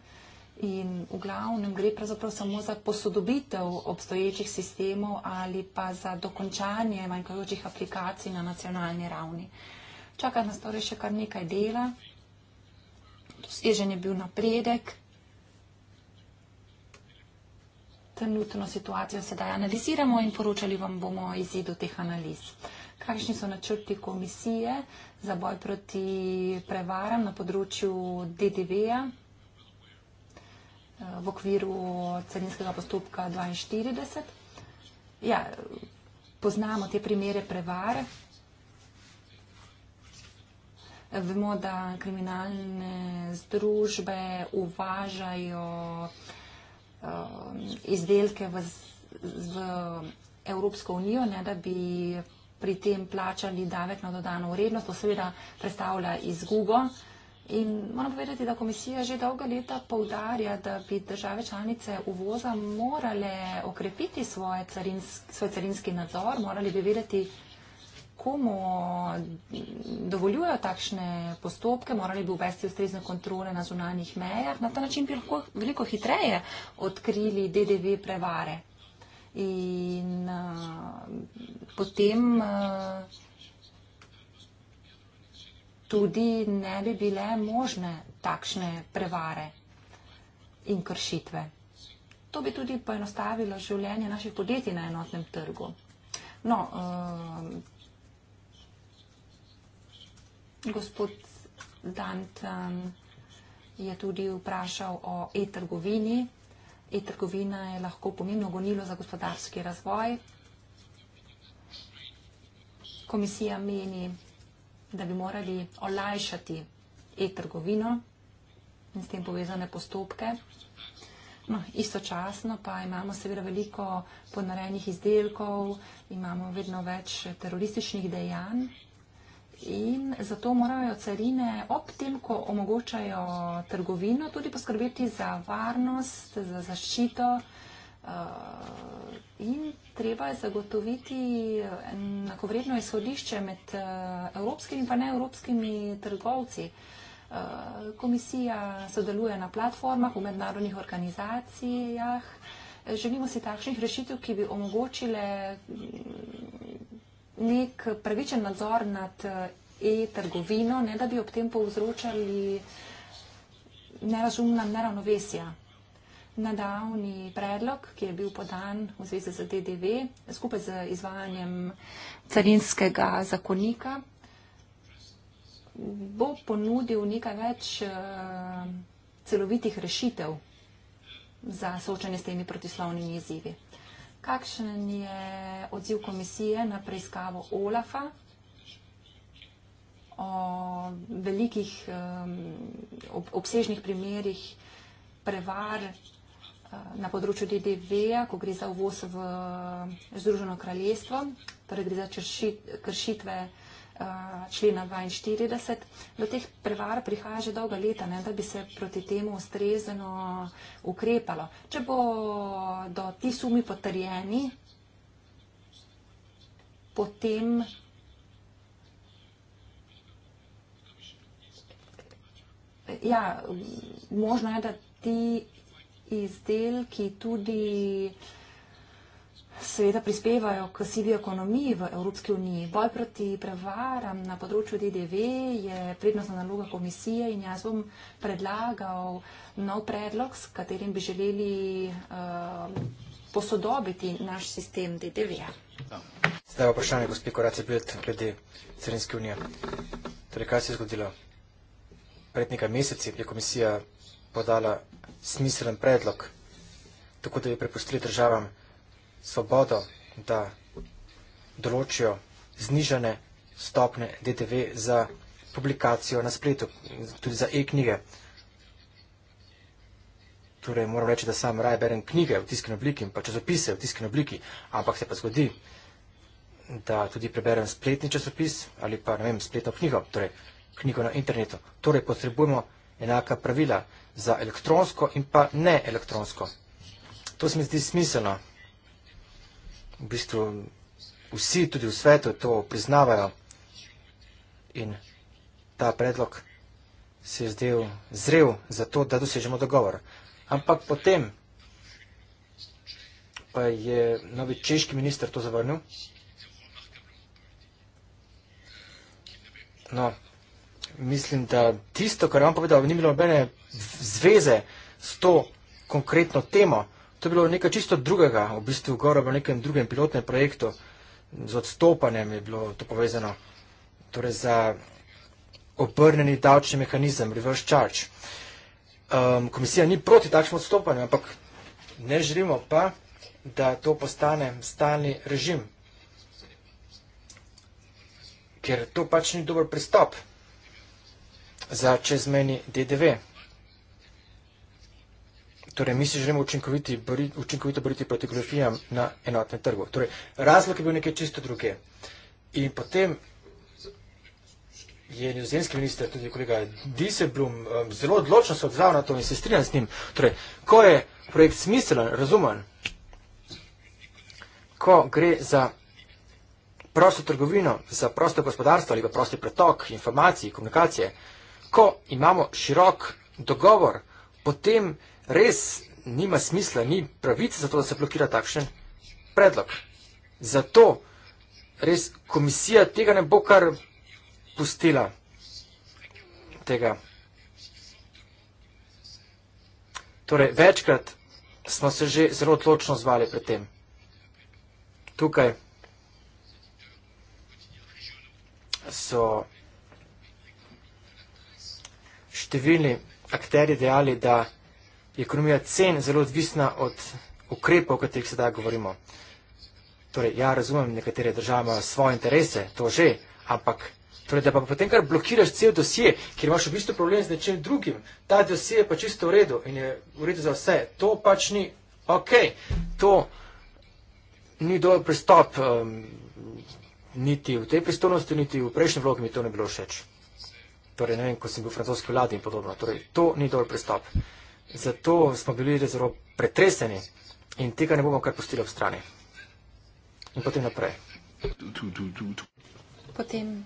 In v glavnem gre pravzaprav samo za posodobitev obstoječih sistemov ali pa za dokončanje manjkajočih aplikacij na nacionalni ravni. Čaka nas torej še kar nekaj dela, dosežen je bil napredek. Trenutno situacijo sedaj analiziramo in poročali vam bomo o izidu teh analiz. Kakšni so načrti komisije za boj proti prevaram na področju DDV-ja? Eh, v okviru carinskega postopka 42. Ja, poznamo te primere prevare. Vemo, da kriminalne združbe uvažajo eh, izdelke v, v Evropsko unijo, ne da bi pri tem plačali davek na dodano vrednost, to seveda predstavlja izgubo. Uh, In moram povedati, da komisija že dolga leta povdarja, da bi države članice uvoza morale okrepiti svoje carinsk, svoj carinski nadzor, morali bi vedeti, komu dovoljujejo takšne postopke, morali bi uvesti ustrezne kontrole na zunanjih mejah. Na ta način bi lahko veliko hitreje odkrili DDV prevare. In uh, potem. Uh, tudi ne bi bile možne takšne prevare in kršitve. To bi tudi poenostavilo življenje naših podjetij na enotnem trgu. No, um, gospod Danton eh, je tudi vprašal o e-trgovini. E-trgovina je lahko pomembno gonilo za gospodarski razvoj. Komisija meni, da bi morali olajšati e-trgovino in s tem povezane postopke. No, istočasno pa imamo seveda veliko ponarejenih izdelkov, imamo vedno več terorističnih dejanj in zato morajo carine ob tem, ko omogočajo trgovino, tudi poskrbeti za varnost, za zaščito. Eh, in treba je zagotoviti enakovredno izhodišče med eh, evropskimi in neevropskimi trgovci. Eh, komisija sodeluje na platformah v mednarodnih organizacijah. Želimo si takšnih rešitev, ki bi omogočile mm, nek pravičen nadzor nad e-trgovino, ne da bi ob tem povzročali nerazumna neravnovesja nedavni predlog, ki je bil podan v zvezi z DDV skupaj z izvajanjem carinskega zakonika, bo ponudil nekaj več eh, celovitih rešitev za soočanje s temi protislovnimi izzivi. Kakšen je odziv komisije na preiskavo OLAFA o velikih eh, obsežnih primerjih prevar Eh, na področju DDV-ja, ko gre za uvoz v eh, Združeno kraljestvo, torej gre za kršitve eh, člena 42. Do teh prevar prihaja že dolga leta, ne, da bi se proti temu ustrezeno ukrepalo. Če bo do ti sumi potrjeni, potem ja, možno je, da ti izdelki tudi seveda prispevajo k sivi ekonomiji v Evropski uniji. Boj proti prevaram na področju DDV je prednostna naloga komisije in jaz bom predlagal nov predlog, s katerim bi želeli uh, posodobiti naš sistem DDV-ja. Zdaj je vprašanje, gospod Koracij, pred glede Carinske unije. Torej, kaj se je zgodilo? Pred nekaj meseci je komisija podala smiselen predlog, tako da bi prepustili državam svobodo, da določijo znižene stopne DTV za publikacijo na spletu, tudi za e-knjige. Torej, moram reči, da sam raje berem knjige v tiskni obliki in pa časopise v tiskni obliki, ampak se pa zgodi, da tudi preberem spletni časopis ali pa, ne vem, spletno knjigo, torej knjigo na internetu. Torej, potrebujemo enaka pravila, za elektronsko in pa ne elektronsko. To se mi zdi smiselno. V bistvu vsi tudi v svetu to priznavajo in ta predlog se je zdel zrev za to, da dosežemo dogovor. Ampak potem pa je novi češki minister to zavrnil. No, mislim, da tisto, kar je on povedal, ni bilo nobene zveze s to konkretno temo. To je bilo nekaj čisto drugega, v bistvu gore v nekem drugem pilotnem projektu. Z odstopanjem je bilo to povezano. Torej za obrnjeni davčni mehanizem, reverse charge. Um, komisija ni proti takšnemu odstopanju, ampak ne želimo pa, da to postane stalni režim. Ker to pač ni dober pristop za čezmeni DDV. Torej, mi si želimo učinkoviti, bori, učinkovito boriti proti goljofijam na enotnem trgu. Torej, razlog je bil nekaj čisto druge. In potem je nizozemski minister, tudi kolega Diseblum, zelo odločno se odzval na to in se strinjam z njim. Torej, ko je projekt smiselen, razumen, ko gre za prosto trgovino, za prosto gospodarstvo ali pa prosti pretok informacij, komunikacije, ko imamo širok dogovor, potem res nima smisla, ni pravice za to, da se blokira takšen predlog. Zato res komisija tega ne bo kar pustila. Tega. Torej, večkrat smo se že zelo odločno zvali pred tem. Tukaj so številni akteri dejali, da je ekonomija cen zelo odvisna od ukrepov, o katerih sedaj govorimo. Torej, ja, razumem, nekatere države imajo svoje interese, to že, ampak. Torej, da pa potem kar blokiraš cel dosje, ker imaš v bistvu problem z nečim drugim. Ta dosje je pa čisto v redu in je v redu za vse. To pač ni ok. To ni dober pristop um, niti v tej pristojnosti, niti v prejšnji vlogi mi to ne bilo všeč torej ne vem, ko sem bil v francoski vladi in podobno. Torej, to ni dober pristop. Zato smo bili zelo pretreseni in tega ne bomo kar pustili ob strani. In potem naprej. Potem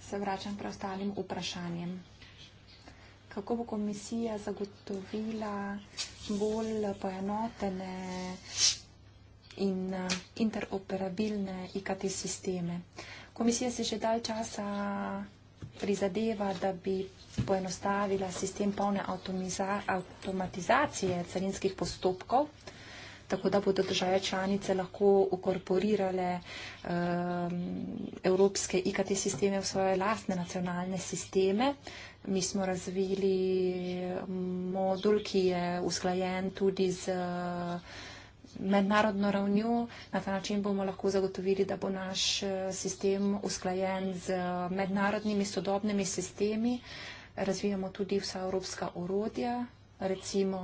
se vračam preostalim vprašanjem. Kako bo komisija zagotovila bolj poenotene in eh, interoperabilne IKT sisteme? Komisija se že dal časa prizadeva, da bi poenostavila sistem polne avtomatizacije carinskih postopkov, tako da bodo države članice lahko ukorporirale um, evropske IKT sisteme v svoje lastne nacionalne sisteme. Mi smo razvili modul, ki je usklajen tudi z. Uh, mednarodno ravnjo. Na ta način bomo lahko zagotovili, da bo naš eh, sistem usklajen z eh, mednarodnimi sodobnimi sistemi. Razvijamo tudi vsa evropska orodja, recimo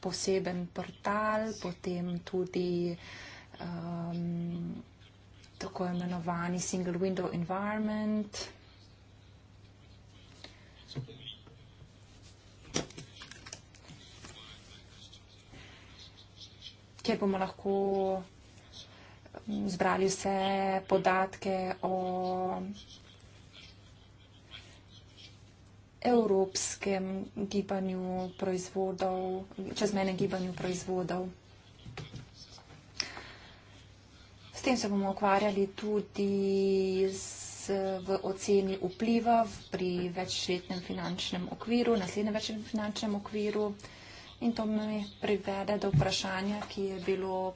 poseben portal, potem tudi um, tako imenovani single window environment. kjer bomo lahko mm, zbrali vse podatke o evropskem gibanju proizvodov, čezmenem gibanju proizvodov. S tem se bomo ukvarjali tudi z, v oceni vpliva pri večletnem finančnem okviru, naslednjem večletnem finančnem okviru. In to me privede do vprašanja, ki je bilo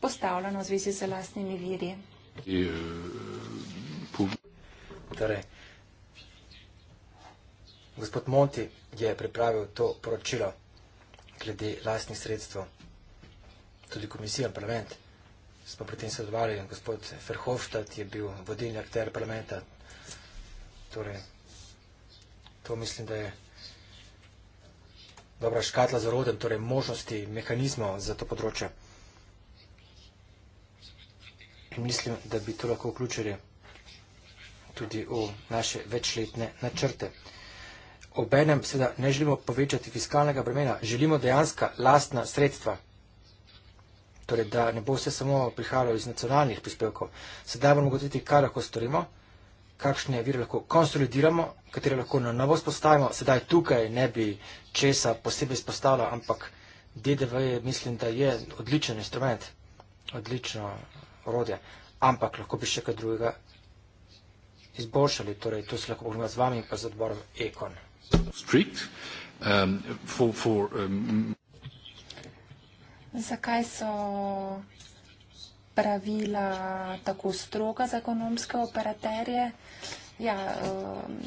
postavljeno v zvezi z lastnimi viri. Torej, gospod Monti je pripravil to poročilo glede lastnih sredstv, tudi komisija in parlament. Smo pri tem sodelovali in gospod Ferhofstadt je bil vodilni akter parlamenta. Torej, to mislim, da je dobra škatla za roden, torej možnosti, mehanizmo za to področje. Mislim, da bi to lahko vključili tudi v naše večletne načrte. Obenem seveda ne želimo povečati fiskalnega bremena, želimo dejanska lastna sredstva. Torej, da ne bo vse samo prihajalo iz nacionalnih prispevkov. Sedaj moramo gotoviti, kaj lahko storimo kakšne vire lahko konsolidiramo, katere lahko na novo spostavimo. Sedaj tukaj ne bi česa posebej spostavila, ampak DDV je, mislim, da je odličen instrument, odlično orodje, ampak lahko bi še kaj drugega izboljšali. Torej, to se lahko pogovorimo z vami in pa z odborom Ekon. Strict, um, for, for, um... Zakaj so pravila tako stroga za ekonomske operaterje. Ja, um,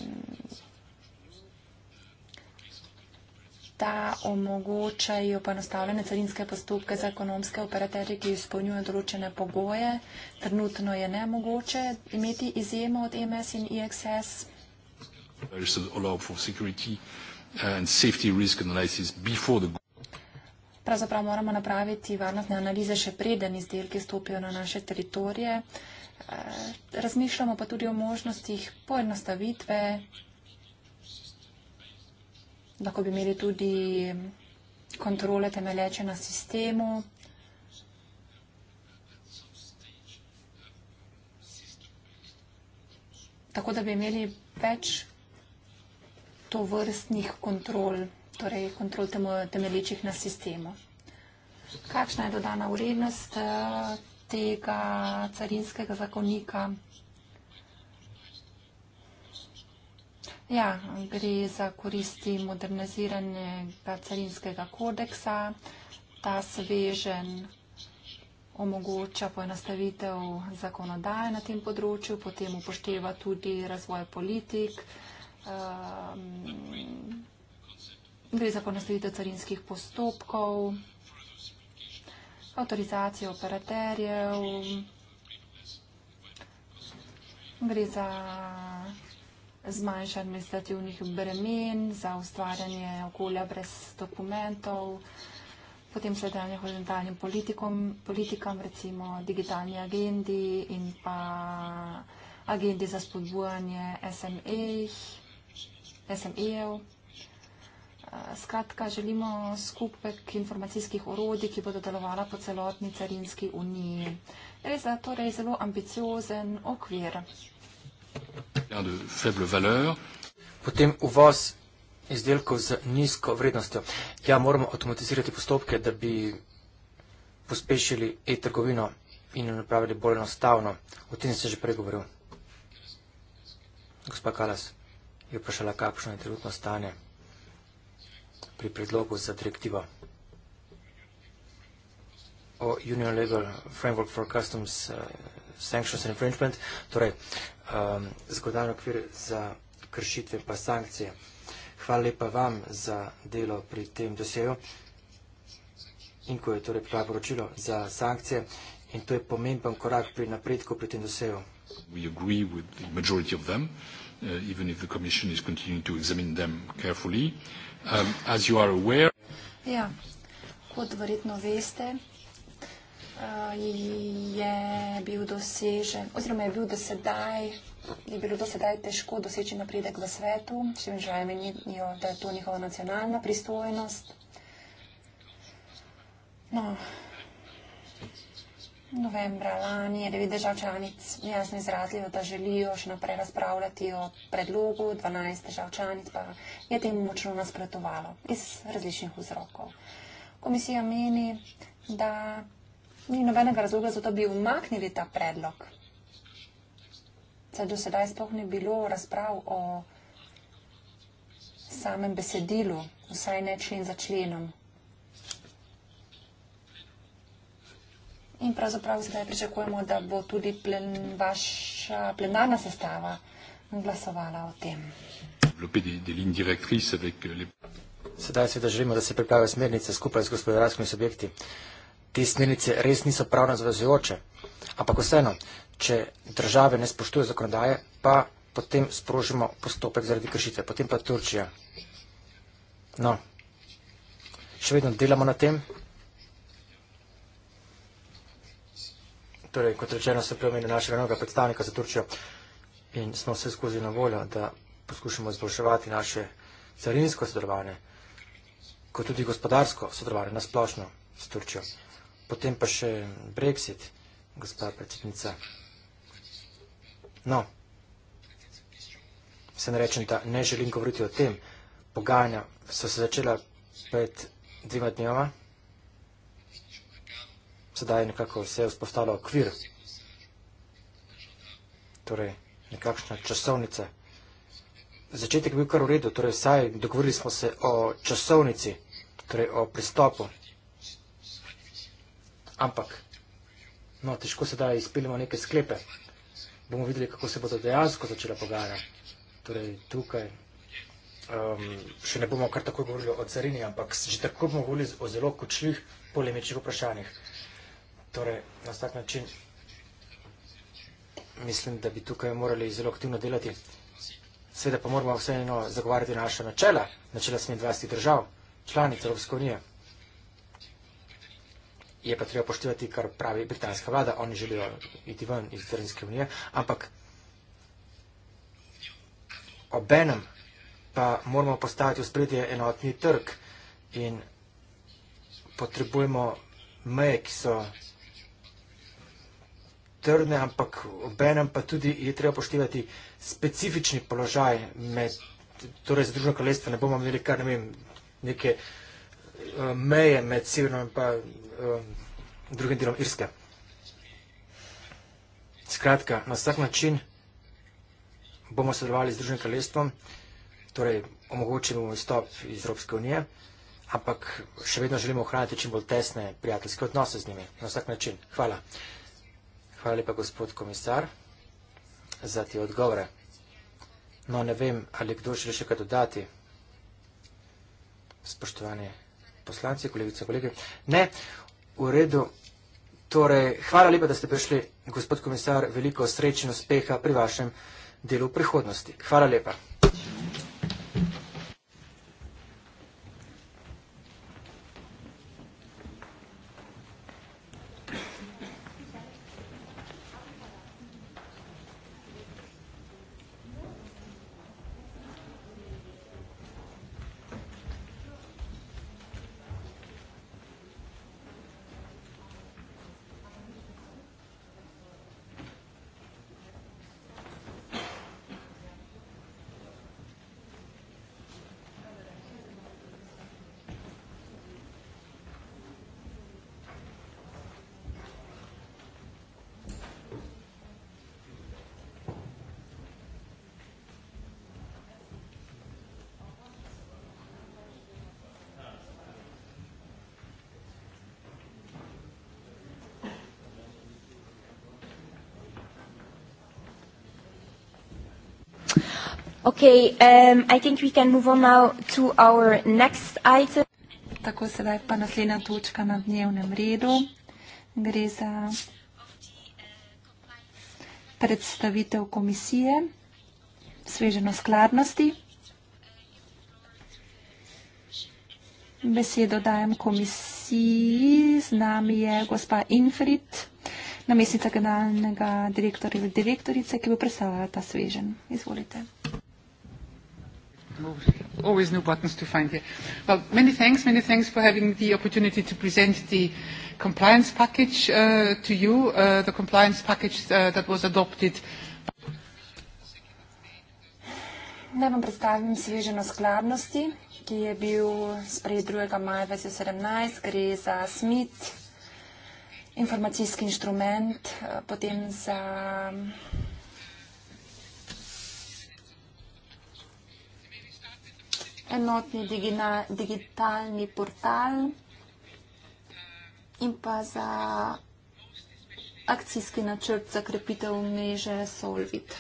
ta omogočajo poenostavljene carinske postopke za ekonomske operaterje, ki izpolnjujejo določene pogoje. Trenutno je nemogoče imeti izjemo od EMS in EXS. There is a lot for security and safety risk analysis before the Pravzaprav moramo napraviti varnostne analize še preden izdelki stopijo na naše teritorije. Eh, razmišljamo pa tudi o možnostih poenostavitve. Lahko bi imeli tudi kontrole temelječe na sistemu. Tako da bi imeli več to vrstnih kontrol torej kontrol temo, temelječih na sistemu. Kakšna je dodana vrednost eh, tega carinskega zakonika? Ja, gre za koristi moderniziranega carinskega kodeksa. Ta svežen omogoča poenostavitev zakonodaje na tem področju, potem upošteva tudi razvoj politik. Uh, gre za ponastavitev carinskih postopkov, avtorizacijo operaterjev, gre za zmanjšanje administrativnih bremen, za ustvarjanje okolja brez dokumentov, potem sledanje horizontalnim politikom, politikam, recimo digitalni agendi in pa agendi za spodbujanje SME-jev. SME Skratka, želimo skupek informacijskih orodij, ki bodo delovala po celotni carinski uniji. Res je torej zelo ambiciozen okvir. Potem uvoz izdelkov z nizko vrednostjo. Ja, moramo avtomatizirati postopke, da bi pospešili e-trgovino in jo napravili bolj enostavno. O tem se že pregovoril. Gospa Kalas je vprašala, kakšno je trenutno stanje pri predlogu za direktivo o Union Legal Framework for Customs uh, Sanctions and Infringement, torej um, zakonodajni okvir za kršitve pa sankcije. Hvala lepa vam za delo pri tem doseju in ko je torej pravo poročilo za sankcije in to je pomemben korak pri napredku pri tem doseju. We agree with the majority of them, uh, even if the commission is continuing to examine them carefully. Uh, Um, as you are aware. Ja, kot verjetno veste, uh, je bil dosežen, oziroma je bil dosedaj, je bilo dosedaj težko doseči napredek v svetu, še mi žal menijo, da je to njihova nacionalna pristojnost. No, Novembra lani je 9 držav članic jasno izrazilo, da želijo še naprej razpravljati o predlogu, 12 držav članic pa je temu močno nasprotovalo iz različnih vzrokov. Komisija meni, da ni nobenega razloga za to, da bi umaknili ta predlog. Saj do sedaj sploh ni bilo razprav o samem besedilu, vsaj ne člen za členom in pravzaprav zdaj pričakujemo, da bo tudi plen, vaša plenarna sestava glasovala o tem. Euh, Sedaj seveda želimo, da se pripravijo smernice skupaj z gospodarskimi subjekti. Te smernice res niso pravno zavezujoče, ampak vseeno, če države ne spoštujejo zakonodaje, pa potem sprožimo postopek zaradi kršitve, potem pa Turčija. No, še vedno delamo na tem. Torej, kot rečeno, se prej omenil našega novega predstavnika za Turčijo in smo vse skozi na voljo, da poskušamo izboljševati naše carinsko sodelovanje, kot tudi gospodarsko sodelovanje na splošno s Turčijo. Potem pa še Brexit, gospod predsednica. No, se ne rečem, da ne želim govoriti o tem. Pogajanja so se začela pred dvima dnjoma sedaj nekako se je vzpostavila okvir, torej nekakšna časovnica. Začetek je bil kar v redu, torej vsaj dogovorili smo se o časovnici, torej o pristopu. Ampak, no, težko sedaj izpilimo neke sklepe. Bomo videli, kako se bodo dejansko začela pogajanja. Torej, tukaj um, še ne bomo kar tako govorili o carini, ampak že tako bomo govorili o zelo kočljih polemičnih vprašanjih. Torej, na tak način mislim, da bi tukaj morali zelo aktivno delati. Sveda pa moramo vseeno zagovarjati naša načela, načela 27 držav, članic Evropske unije. Je pa treba poštevati, kar pravi britanska vlada. Oni želijo iti ven iz Evropske unije, ampak obenem pa moramo postaviti v spredje enotni trg in potrebujemo meje, ki so trdne, ampak obenem pa tudi je treba poštevati specifični položaj med, torej Združeno kraljestvo ne bomo imeli kar ne vem, neke eh, meje med severnom in pa eh, drugim delom Irske. Skratka, na vsak način bomo sodelovali z Združenim kraljestvom, torej omogočili bomo izstop iz Evropske unije, ampak še vedno želimo ohraniti čim bolj tesne prijateljske odnose z njimi. Na vsak način. Hvala. Hvala lepa, gospod komisar, za te odgovore. No, ne vem, ali kdo želi še kaj dodati. Spoštovani poslanci, kolegice, kolege. Ne, v redu. Torej, hvala lepa, da ste prišli, gospod komisar, veliko sreč in uspeha pri vašem delu prihodnosti. Hvala lepa. Okay, um, I think we can move on now to our next item. Tako sedaj pa naslednja točka na dnevnem redu. Gre za predstavitev komisije sveženo skladnosti. Besedo dajem komisiji, z nami je gospa Infrit, namestnica generalnega direktorja ali direktorice, ki bo predstavljala ta svežen. Izvolite always new buttons to find here. Well, many thanks, many thanks for having the opportunity to present the compliance package uh, to you, uh, the compliance package uh, that was adopted. Naj vam predstavim sveženo skladnosti, ki je bil sprejet 2. maja 2017. Gre za SMIT, informacijski inštrument, uh, potem za enotni digitalni portal in pa za akcijski načrt za krepitev mreže Solvit.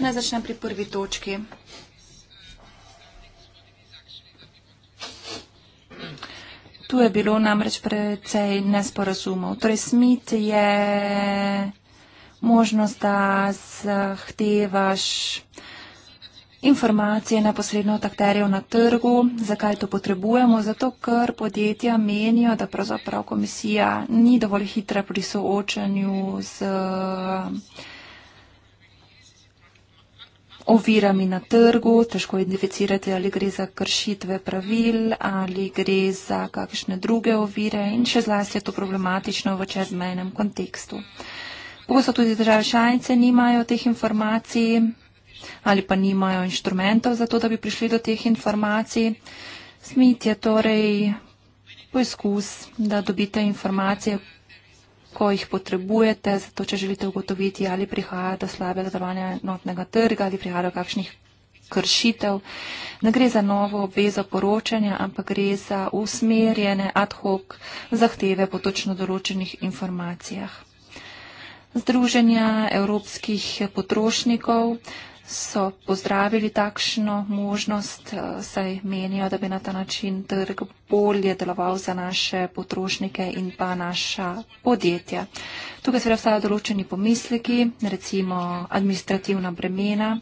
Naj začnem pri prvi točki. Tu je bilo namreč precej nesporazumov. Torej, smit je možnost, da zahtevaš informacije neposredno od akterjev na trgu, zakaj to potrebujemo, zato ker podjetja menijo, da pravzaprav komisija ni dovolj hitra pri soočanju z ovirami na trgu, težko identificirati, ali gre za kršitve pravil, ali gre za kakšne druge ovire in še zlasti je to problematično v čezmejnem kontekstu. Pogosto tudi države članice nimajo teh informacij, ali pa nimajo inštrumentov za to, da bi prišli do teh informacij. Smit je torej poizkus, da dobite informacije, ko jih potrebujete, zato če želite ugotoviti, ali prihaja do slabe delovanja notnega trga, ali prihaja do kakšnih kršitev. Ne gre za novo obvezo poročanja, ampak gre za usmerjene ad hoc zahteve po točno določenih informacijah. Združenja evropskih potrošnikov so pozdravili takšno možnost, eh, saj menijo, da bi na ta način trg bolje deloval za naše potrošnike in pa naša podjetja. Tukaj seveda vstajajo določeni pomisleki, recimo administrativna bremena.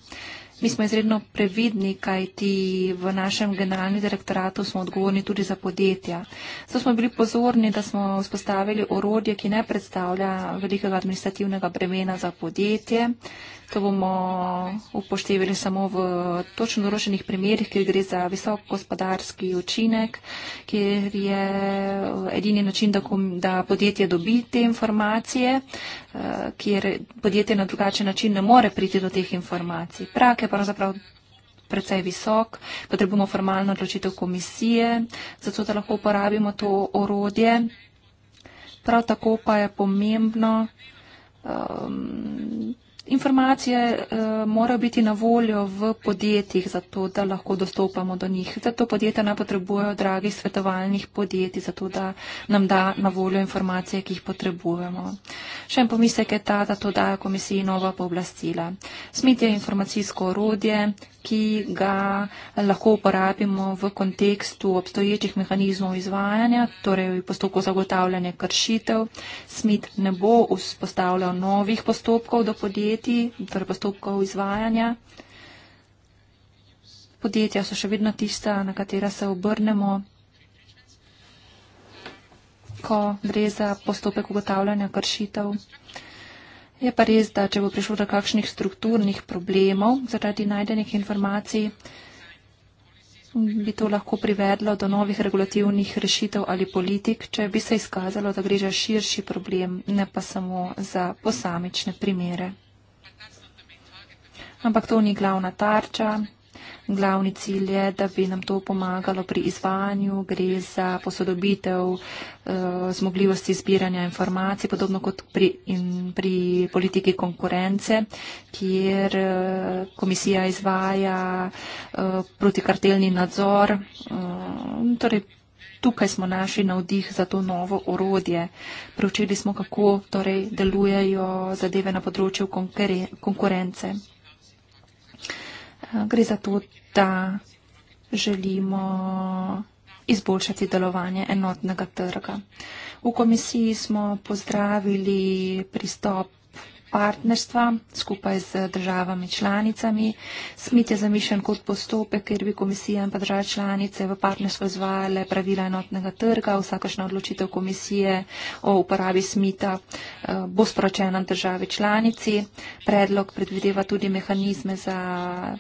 Mi smo izredno previdni, kajti v našem generalnem direktoratu smo odgovorni tudi za podjetja. Zato smo bili pozorni, da smo vzpostavili orodje, ki ne predstavlja velikega administrativnega bremena za podjetje. To bomo upoštevali samo v točno določenih primerjih, kjer gre za visok gospodarski učinek, kjer je eh, edini način, da, da podjetje dobi te informacije, eh, kjer podjetje na drugačen način ne more priti do teh informacij. Prak je pravzaprav precej visok, potrebujemo formalno odločitev komisije, zato da lahko uporabimo to orodje. Prav tako pa je pomembno, um, informacije uh, morajo biti na voljo v podjetjih, zato da lahko dostopamo do njih. Zato podjetja ne potrebujejo dragih svetovalnih podjetij, zato da nam da na voljo informacije, ki jih potrebujemo. Še en pomislek je ta, da to daje komisiji nova pooblastila. Smet je informacijsko orodje, ki ga lahko uporabimo v kontekstu obstoječih mehanizmov izvajanja, torej v postopku zagotavljanja kršitev. SMIT ne bo vzpostavljal novih postopkov do podjetij, torej postopkov izvajanja. Podjetja so še vedno tista, na katera se obrnemo, ko gre za postopek ugotavljanja kršitev. Je pa res, da če bo prišlo do kakšnih strukturnih problemov zaradi najdenih informacij, bi to lahko privedlo do novih regulativnih rešitev ali politik, če bi se izkazalo, da gre za širši problem, ne pa samo za posamične primere. Ampak to ni glavna tarča, Glavni cilj je, da bi nam to pomagalo pri izvajanju, gre za posodobitev eh, zmogljivosti zbiranja informacij, podobno kot pri, in, pri politiki konkurence, kjer eh, komisija izvaja eh, protikartelni nadzor. Torej, tukaj smo našli navdih za to novo orodje. Preučili smo, kako torej, delujejo zadeve na področju konkurence gre za to, da želimo izboljšati delovanje enotnega trga. V komisiji smo pozdravili pristop partnerstva skupaj z državami članicami. Smit je zamišljen kot postopek, kjer bi komisija in pa države članice v partnerstvo izvajale pravila enotnega trga. Vsakašna odločitev komisije o uporabi smita eh, bo sporočena državi članici. Predlog predvideva tudi mehanizme za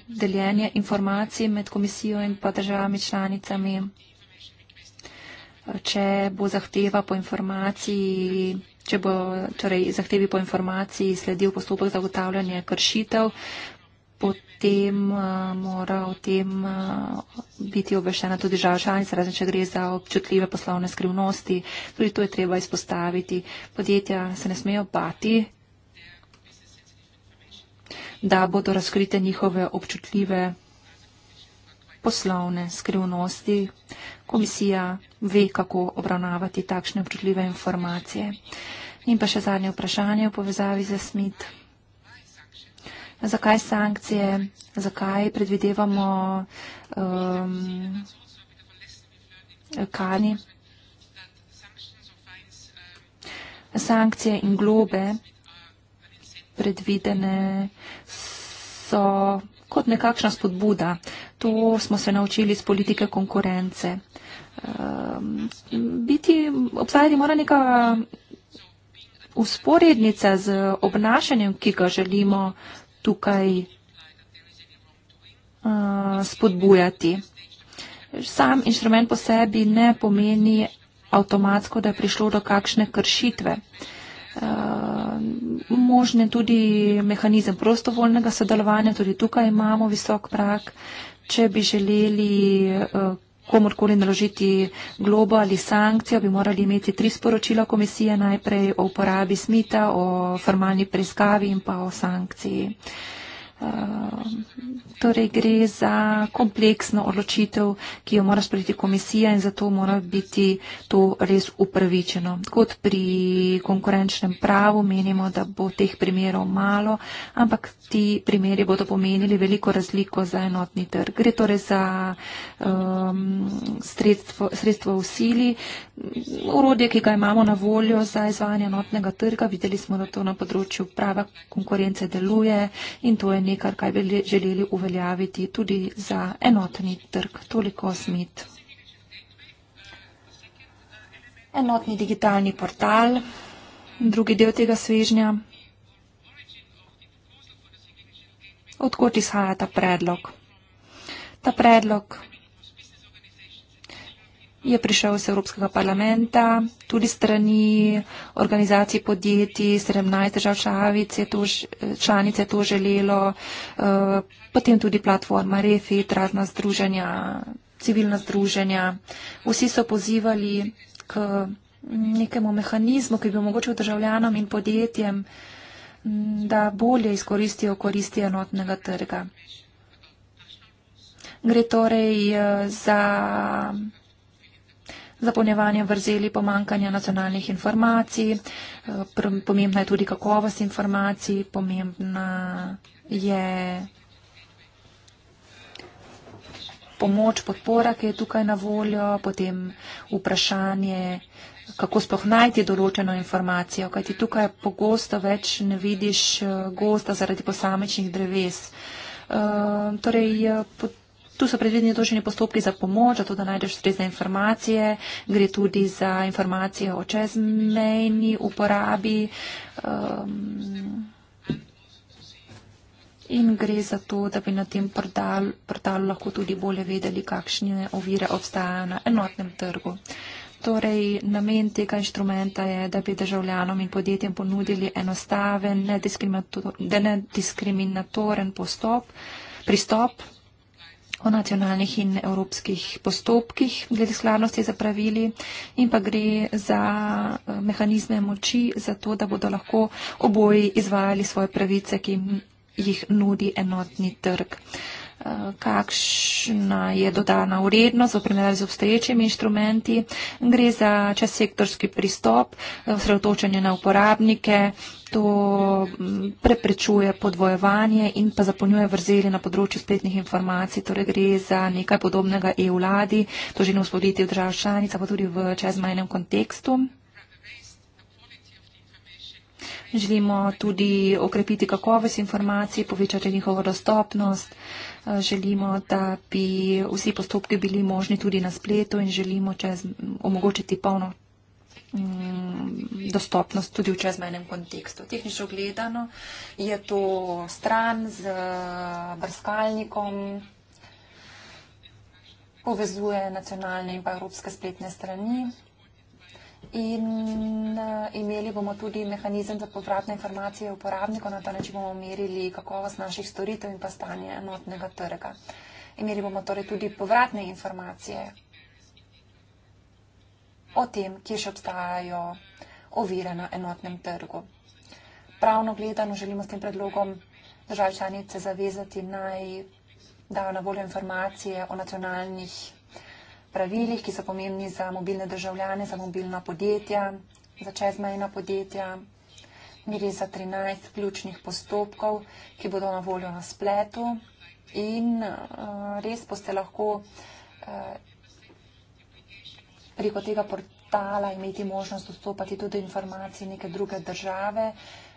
deljenje informacij med komisijo in pa državami članicami. Če bo zahteva po informaciji če bo torej, zahtevi po informaciji sledil postopek zagotavljanja kršitev, potem uh, mora o tem uh, biti obveščena tudi država članica, razen če gre za občutljive poslovne skrivnosti. Tudi to je treba izpostaviti. Podjetja se ne smejo bati da bodo razkrite njihove občutljive poslovne skrivnosti komisija ve, kako obravnavati takšne občutljive informacije. In pa še zadnje vprašanje v povezavi za SMIT. Zakaj sankcije, zakaj predvidevamo um, kani? Sankcije in globe predvidene so kot nekakšna spodbuda. To smo se naučili iz politike konkurence. Ehm, biti, obstajati mora neka usporednica z obnašanjem, ki ga želimo tukaj eh, spodbujati. Sam inštrument po sebi ne pomeni avtomatsko, da je prišlo do kakšne kršitve. Eh, možne tudi mehanizem prostovoljnega sodelovanja, tudi tukaj imamo visok prak. Če bi želeli eh, komorkoli naložiti globo ali sankcijo, bi morali imeti tri sporočila komisije, najprej o uporabi smita, o formalni preiskavi in pa o sankciji. Uh, Eh, torej gre za kompleksno odločitev, ki jo mora sprejeti komisija in zato mora biti to res upravičeno. Kot pri konkurenčnem pravu menimo, da bo teh primerov malo, ampak ti primeri bodo pomenili veliko razliko za enotni trg. Gre torej za um, sredstvo, sredstvo v sili, uh, Urodje, ki ga imamo na voljo za izvajanje notnega trga, videli smo, da to na področju prava konkurence deluje in to je nekaj, kaj bi želeli uveljaviti tudi za enotni trg. Toliko smit. Enotni digitalni portal, drugi del tega svežnja. Odkot izhaja ta predlog? Ta predlog je prišel iz Evropskega parlamenta, tudi strani organizacij podjetij, 17 držav članic je to želelo, eh, potem tudi platforma Refit, razna združenja, civilna združenja. Vsi so pozivali k nekemu mehanizmu, ki bi omogočil državljanom in podjetjem, da bolje izkoristijo koristi enotnega trga. Gre torej eh, za zapolnjevanjem vrzeli pomankanja nacionalnih informacij, eh, pomembna je tudi kakovost informacij, pomembna je pomoč, podpora, ki je tukaj na voljo, potem vprašanje, kako sploh najti določeno informacijo, kajti tukaj pogosto več ne vidiš eh, gosta zaradi posamečnih dreves. Eh, torej, potem Tu so predvideni točni postopki za pomoč, zato da najdeš ustrezne informacije. Gre tudi za informacije o čezmejni uporabi. Um, In gre za to, da bi na tem portalu, portalu lahko tudi bolje vedeli, kakšne ovire obstajajo na enotnem trgu. Torej, namen tega inštrumenta je, da bi državljanom in podjetjem ponudili enostaven, nediskriminatoren postop, pristop o nacionalnih in evropskih postopkih glede skladnosti za pravili in pa gre za eh, mehanizme moči, za to, da bodo lahko oboji izvajali svoje pravice, ki jih nudi enotni trg kakšna je dodana vrednost v primerjavi z obstoječimi inštrumenti. Gre za časektorski pristop, osredotočenje na uporabnike. To mm, preprečuje podvojevanje in pa zapolnjuje vrzeli na področju spletnih informacij. Torej gre za nekaj podobnega EU-ladi, to želimo spodbuditi v državah članicah, pa tudi v čezmajnem kontekstu. Želimo tudi okrepiti kakovost informacij, povečati njihovo dostopnost. Uh, Želimo, da bi vsi postopki bili možni tudi na spletu in želimo čez, omogočiti polno mm, dostopnost tudi v čezmenem kontekstu. Tehnično gledano je to stran z eh, brskalnikom, povezuje nacionalne in pa evropske spletne strani. In eh, imeli bomo tudi mehanizem za povratne informacije uporabnikov, na ta način bomo merili kakovost naših storitev in pa stanje enotnega trga. Imeli bomo torej tudi povratne informacije o tem, kje še obstajajo ovire na enotnem trgu. Pravno gledano želimo s tem predlogom državčanice zavezati naj dajo na voljo informacije o nacionalnih pravilih, ki so pomembni za mobilne državljane, za mobilna podjetja, za čezmejna podjetja. Gre za 13 ključnih postopkov, ki bodo na voljo na spletu in uh, res boste lahko uh, preko tega portala imeti možnost dostopati tudi informacije neke druge države, uh,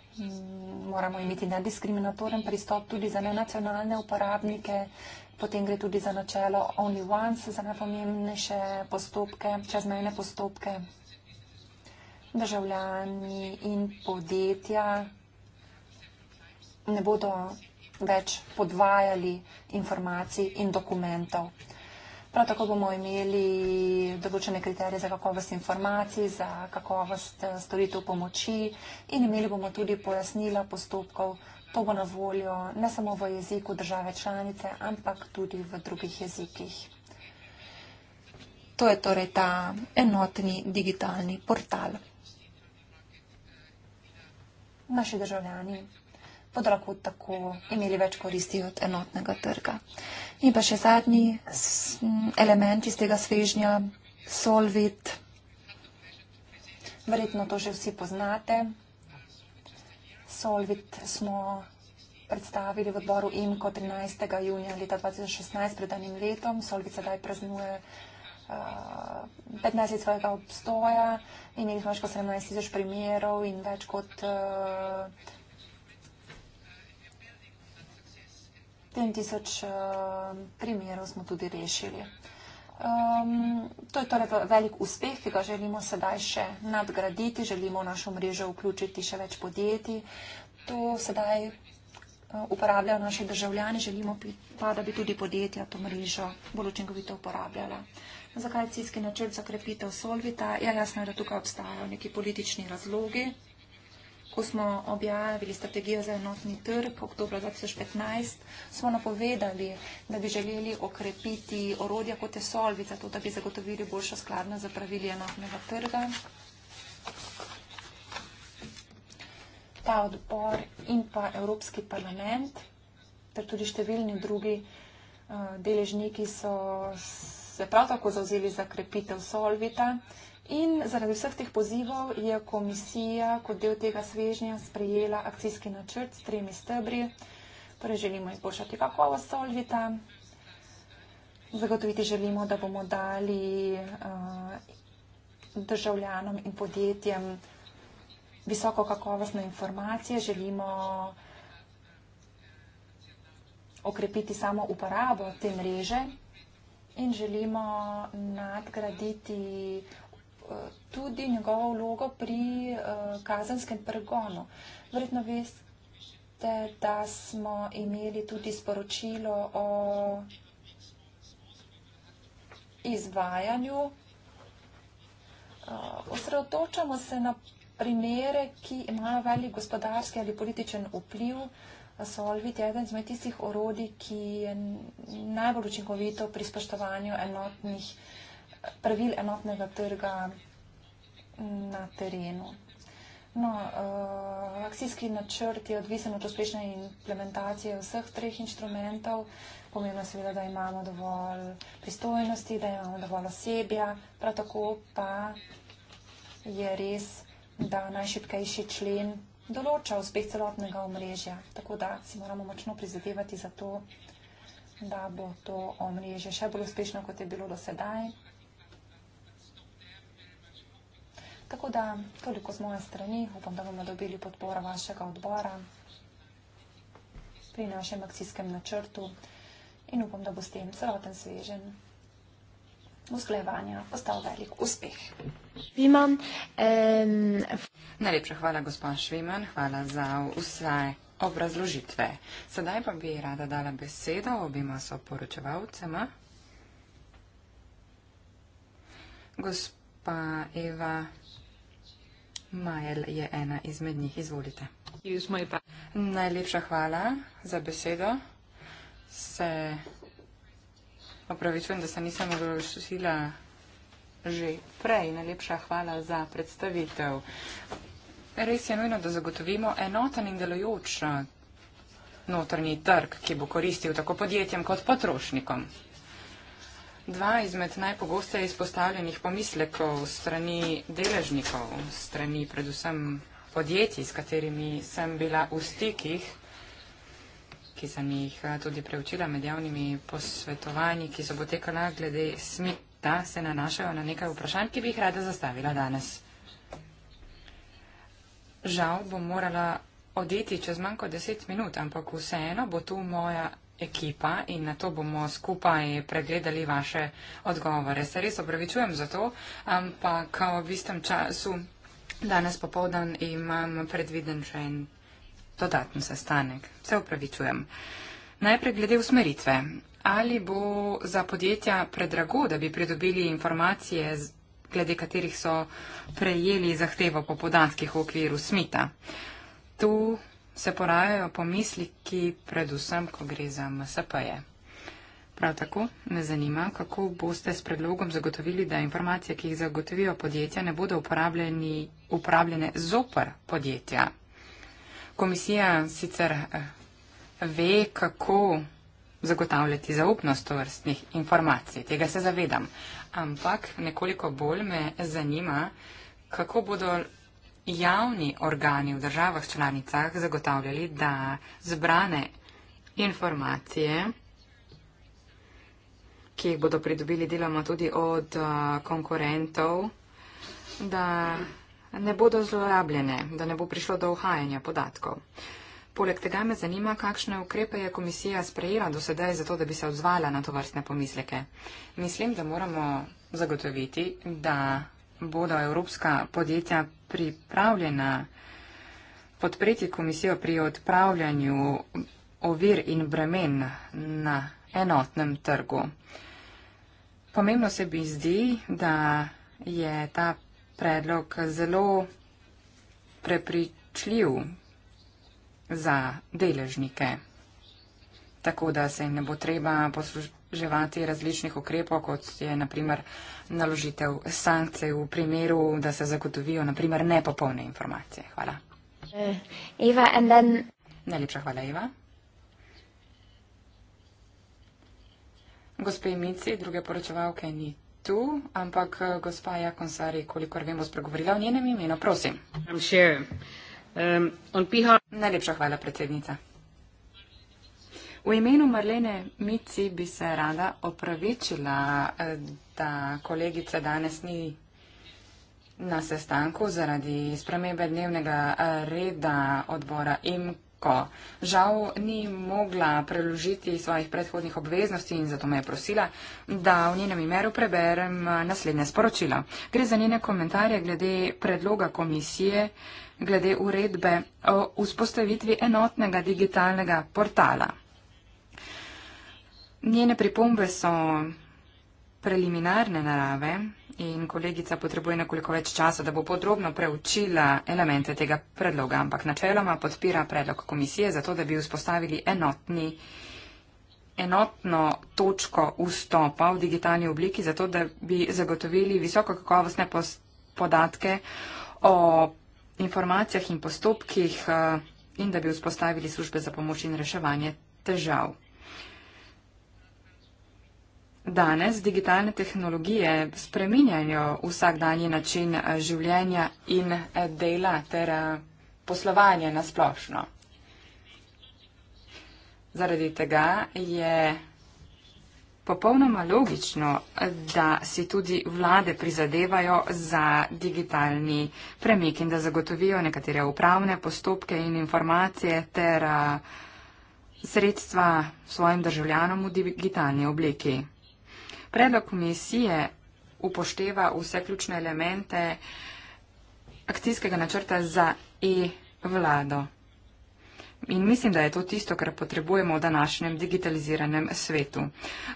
moramo imeti nediskriminatoren pristop tudi za nenacionalne uporabnike. Potem gre tudi za načelo only once za najpomembnejše postopke, čezmejne postopke. Državljani in podjetja ne bodo več podvajali informacij in dokumentov. Prav tako bomo imeli določene kriterije za kakovost informacij, za kakovost eh, storitev pomoči in imeli bomo tudi pojasnila postopkov. To bo na voljo ne samo v jeziku države članice, ampak tudi v drugih jezikih. To je torej ta enotni digitalni portal. Naši državljani bodo lahko tako imeli več koristi od enotnega trga. In pa še zadnji element iz tega svežnja, Solvit. Verjetno to že vsi poznate. Solvit smo predstavili v odboru IMCO 13. junija leta 2016 pred enim letom. Solvit sedaj praznuje uh, eh, 15 let svojega obstoja in imeli smo več kot 17 tisoč primerov in več kot uh, 3000 eh, primerov smo tudi rešili. Um, to je torej velik uspeh, ki ga želimo sedaj še nadgraditi, želimo v našo mrežo vključiti še več podjetij. To sedaj eh, uporabljajo naši državljani, želimo pa, da bi tudi podjetja to mrežo bolj učinkovito uporabljala. Zakaj je cilski načrt za krepitev Solvita? Ja, jasno je, da tukaj obstajajo neki politični razlogi ko smo objavili strategijo za enotni trg oktober 2015, smo napovedali, da bi želeli okrepiti orodja kot je solvi, zato da bi zagotovili boljšo skladno za pravili enotnega trga. Ta odbor in pa Evropski parlament, ter tudi številni drugi eh, deležniki so se prav tako zauzeli za krepitev solvita. In zaradi vseh teh pozivov je komisija kot del tega svežnja sprejela akcijski načrt s tremi stebri. Torej želimo izboljšati kakovost solvita, zagotoviti želimo, da bomo dali uh, državljanom in podjetjem visoko kakovostne informacije, želimo okrepiti samo uporabo te mreže in želimo nadgraditi tudi njegovo vlogo pri eh, kazenskem pregonu. Verjetno veste, da smo imeli tudi sporočilo o izvajanju. Eh, osredotočamo se na primere, ki imajo velik gospodarski ali političen vpliv. Solvit je eden zmed tistih orodij, ki je najbolj učinkovito pri spoštovanju enotnih pravil enotnega trga na terenu. No, uh, akcijski načrt je odvisen od uspešne implementacije vseh treh inštrumentov. Pomembno je seveda, da imamo dovolj pristojnosti, da imamo dovolj osebja, prav tako pa je res, da najšipkejši člen določa uspeh celotnega omrežja. Tako da si moramo močno prizadevati za to, da bo to omrežje še bolj uspešno, kot je bilo do sedaj. Tako da toliko z moje strani, upam, da bomo dobili podporo vašega odbora pri našem akcijskem načrtu in upam, da bo s tem celoten svežen usklejevanja postal velik uspeh. Viman, em... Najlepša hvala, gospod Šviman, hvala za vse obrazložitve. Sedaj pa bi rada dala besedo obima soporočevalcema. Gospa Eva Majel je ena izmed njih. Izvolite. Najlepša hvala za besedo. Se opravičujem, da se nisem oglasila že prej. Najlepša hvala za predstavitev. Res je nujno, da zagotovimo enoten in delujoč eh, notrni trg, ki bo koristil tako podjetjem kot potrošnikom. Dva izmed najpogosteje izpostavljenih pomislekov strani deležnikov, strani predvsem podjetij, s katerimi sem bila v stikih, ki sem jih eh, tudi preučila med javnimi posvetovanji, ki so potekala glede smita, se nanašajo na nekaj vprašanj, ki bi jih rada zastavila danes. Žal bom morala oditi čez manj kot deset minut, ampak vseeno bo tu moja ekipa in na to bomo skupaj pregledali vaše odgovore. Se res opravičujem za to, ampak v istem času danes popovdan imam predviden še en dodatni sestanek. Se opravičujem. Najprej glede usmeritve. Ali bo za podjetja predrago, da bi pridobili informacije, glede katerih so prejeli zahtevo po podatkih v okviru smita? Tu se porajajo pomisliki predvsem, ko gre za MSP-je. Prav tako me zanima, kako boste s predlogom zagotovili, da informacije, ki jih zagotovijo podjetja, ne bodo uporabljene zopr podjetja. Komisija sicer eh, ve, kako zagotavljati zaupnost tovrstnih informacij, tega se zavedam, ampak nekoliko bolj me zanima, kako bodo javni organi v državah članicah zagotavljali, da zbrane informacije, ki jih bodo pridobili deloma tudi od eh, konkurentov, da ne bodo zlorabljene, da ne bo prišlo do uhajanja podatkov. Poleg tega me zanima, kakšne ukrepe je komisija sprejela do sedaj za to, da bi se odzvala na to vrstne pomisleke. Mislim, da moramo zagotoviti, da bodo evropska podjetja pripravljena podpreti komisijo pri odpravljanju ovir in bremen na enotnem trgu. Pomembno se mi zdi, da je ta predlog zelo prepričljiv za deležnike, tako da se ne bo treba posluževati različnih ukrepov, kot je naprimer naložitev sankcij v primeru, da se zagotovijo naprimer nepopolne informacije. Hvala. Eh, Eva, then... Najlepša hvala, Eva. Gospe Mici, druge poročevalke ni tu, ampak eh, gospa Jakonsari, kolikor vem, bo spregovorila o njenem imenu. Prosim. Sure. Um, PR... Najlepša hvala, predsednica. V imenu Marlene Mici bi se rada opravičila, eh, da kolegica danes ni na sestanku zaradi spremembe dnevnega eh, reda odbora IMKO. Žal ni mogla preložiti svojih predhodnih obveznosti in zato me je prosila, da v njenem imenu preberem eh, naslednje sporočilo. Gre za njene komentarje glede predloga komisije glede uredbe o vzpostavitvi enotnega digitalnega portala njene pripombe so preliminarne narave in kolegica potrebuje nekoliko več časa, da bo podrobno preučila elemente tega predloga, ampak načeloma podpira predlog komisije za to, da bi vzpostavili enotni, enotno točko vstopa v digitalni obliki, zato da bi zagotovili visoko kakovostne podatke o informacijah in postopkih eh, in da bi vzpostavili službe za pomoč in reševanje težav. Danes digitalne tehnologije spreminjajo vsakdanji način eh, življenja in eh, dela ter eh, poslovanje na splošno. Zaradi tega je popolnoma logično, da si tudi vlade prizadevajo za digitalni premik in da zagotovijo nekatere upravne postopke in informacije ter sredstva svojim državljanom v digitalni obliki. Predlog komisije upošteva vse ključne elemente akcijskega načrta za e-vlado. In mislim, da je to tisto, kar potrebujemo v današnjem digitaliziranem svetu.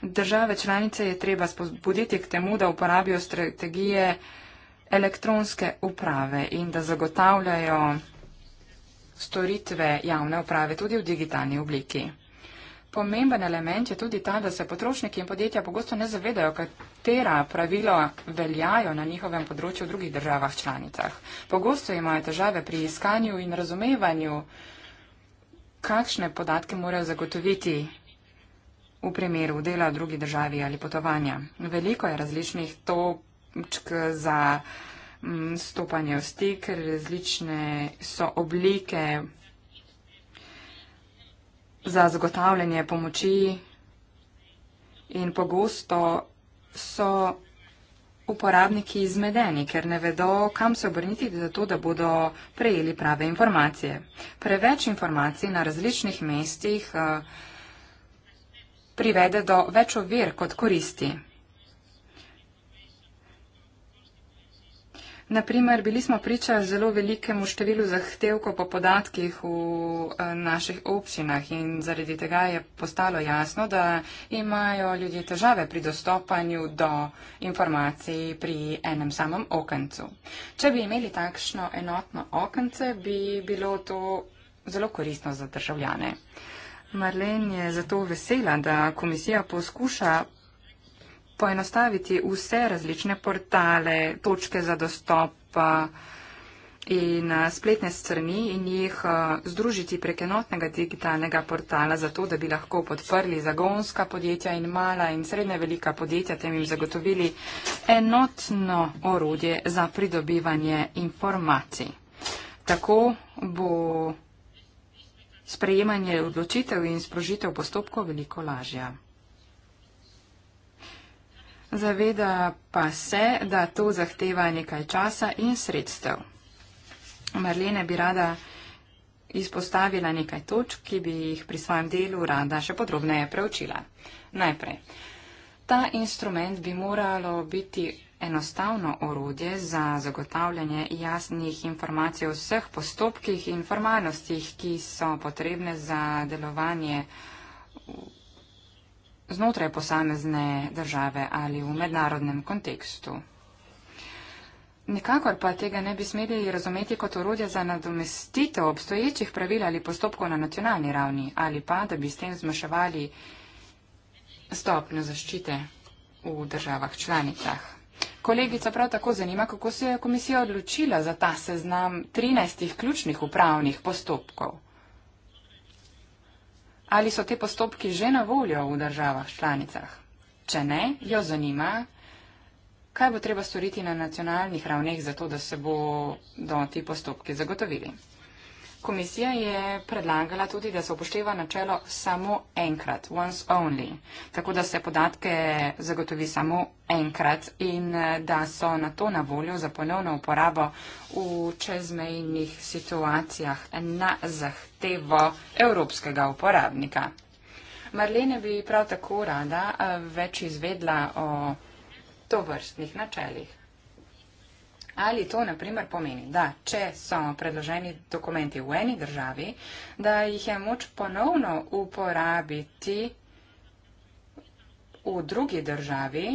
Države članice je treba spodbuditi k temu, da uporabijo strategije elektronske uprave in da zagotavljajo storitve javne uprave tudi v digitalni obliki. Pomemben element je tudi ta, da se potrošniki in podjetja pogosto ne zavedajo, katera pravila veljajo na njihovem področju v drugih državah članicah. Pogosto imajo težave pri iskanju in razumevanju, kakšne podatke morajo zagotoviti v primeru dela v drugi državi ali potovanja. Veliko je različnih točk za mm, stopanje v stik, različne so oblike za zagotavljanje pomoči in pogosto so uporabniki izmedeni, ker ne vedo, kam se obrniti za to, da bodo prejeli prave informacije. Preveč informacij na različnih mestih eh, privede do več ovir kot koristi. Naprimer, bili smo priča zelo velikemu številu zahtevkov po podatkih v eh, naših občinah in zaradi tega je postalo jasno, da imajo ljudje težave pri dostopanju do informacij pri enem samem okencu. Če bi imeli takšno enotno okence, bi bilo to zelo koristno za državljane. Marlen je zato vesela, da komisija poskuša poenostaviti vse različne portale, točke za dostop in spletne strani in jih združiti prek enotnega digitalnega portala, zato da bi lahko podprli zagonska podjetja in mala in srednje velika podjetja, tem jim zagotovili enotno orodje za pridobivanje informacij. Tako bo sprejemanje odločitev in sprožitev postopkov veliko lažja. Zaveda pa se, da to zahteva nekaj časa in sredstev. Marlene bi rada izpostavila nekaj točk, ki bi jih pri svojem delu rada še podrobneje preučila. Najprej, ta instrument bi moralo biti enostavno orodje za zagotavljanje jasnih informacij o vseh postopkih in formalnostih, ki so potrebne za delovanje znotraj posamezne države ali v mednarodnem kontekstu. Nikakor pa tega ne bi smeli razumeti kot orodje za nadomestitev obstoječih pravil ali postopkov na nacionalni ravni ali pa, da bi s tem zmaševali stopnjo zaščite v državah članicah. Kolegica prav tako zanima, kako se je komisija odločila za ta seznam 13 ključnih upravnih postopkov ali so te postopki že na voljo v državah članicah. Če ne, jo zanima, kaj bo treba storiti na nacionalnih ravneh, zato da se bodo ti postopki zagotovili. Komisija je predlagala tudi, da se upošteva načelo samo enkrat, once only, tako da se podatke zagotovi samo enkrat in eh, da so na to na voljo za ponovno uporabo v čezmejnih situacijah na zahtevo evropskega uporabnika. Marlene bi prav tako rada eh, več izvedla o tovrstnih načelih. Ali to na primer pomeni, da če so predloženi dokumenti v eni državi, da jih je moč ponovno uporabiti v drugi državi,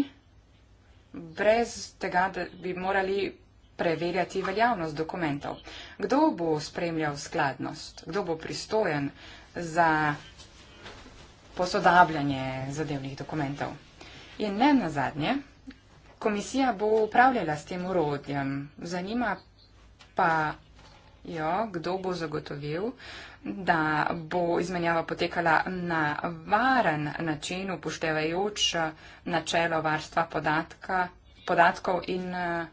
brez tega, da bi morali preverjati veljavnost dokumentov. Kdo bo spremljal skladnost, kdo bo pristojen za posodabljanje zadevnih dokumentov? In ne nazadnje, komisija bo upravljala s tem urodjem. Zanima pa jo, kdo bo zagotovil, da bo izmenjava potekala na varen način, upoštevajoč načelo varstva podatka, podatkov in eh,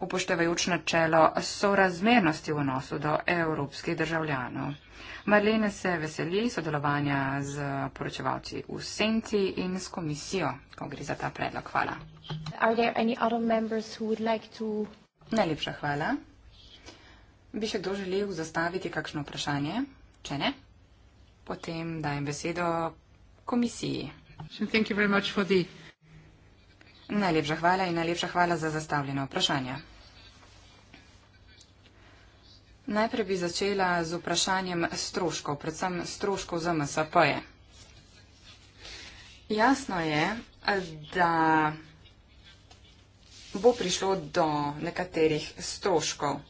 upoštevajoč načelo sorazmernosti v nosu do evropskih državljanov. Marlene se veseli sodelovanja z poročevalci v Senci in s komisijo, ko gre za ta predlog. Hvala. Like to... Najlepša hvala. Bi še kdo želel zastaviti kakšno vprašanje? Če ne, potem dajem besedo komisiji. Najlepša hvala in najlepša hvala za zastavljeno vprašanje. Najprej bi začela z vprašanjem stroškov, predvsem stroškov za MSP-je. Jasno je, da bo prišlo do nekaterih stroškov.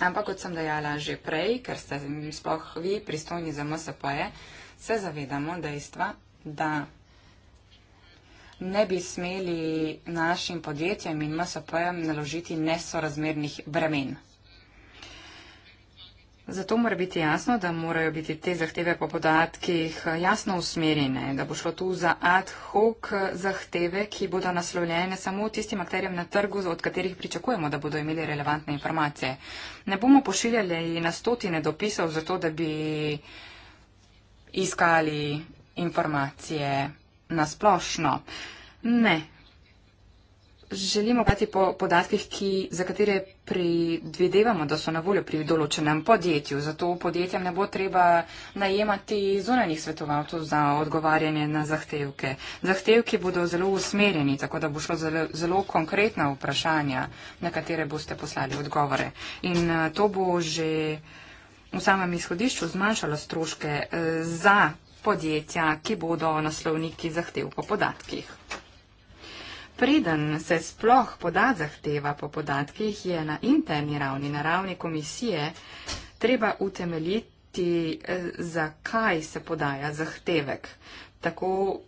Ampak, kot sem dejala že prej, ker ste sploh vi pristojni za MSP-je, se zavedamo dejstva, da ne bi smeli našim podjetjem in MSP-jem naložiti nesorazmernih bremen. Zato mora biti jasno, da morajo biti te zahteve po podatkih eh, jasno usmerjene, da bo šlo tu za ad hoc eh, zahteve, ki bodo naslovljene samo tistim akterjem na trgu, od katerih pričakujemo, da bodo imeli relevantne informacije. Ne bomo pošiljali na stotine dopisov zato, da bi iskali informacije na splošno. Ne, želimo gledati po podatkih, ki, za katere predvidevamo, da so na voljo pri določenem podjetju. Zato podjetjem ne bo treba najemati zunanjih svetovalcev za odgovarjanje na zahtevke. Zahtevki bodo zelo usmerjeni, tako da bo šlo zelo, zelo konkretna vprašanja, na katere boste poslali odgovore. In eh, to bo že v samem izhodišču zmanjšalo stroške eh, za podjetja, ki bodo naslovniki zahtev po podatkih. Preden se sploh poda zahteva po podatkih, je na interni ravni, na ravni komisije, treba utemeljiti, eh, zakaj se podaja zahtevek. Tako,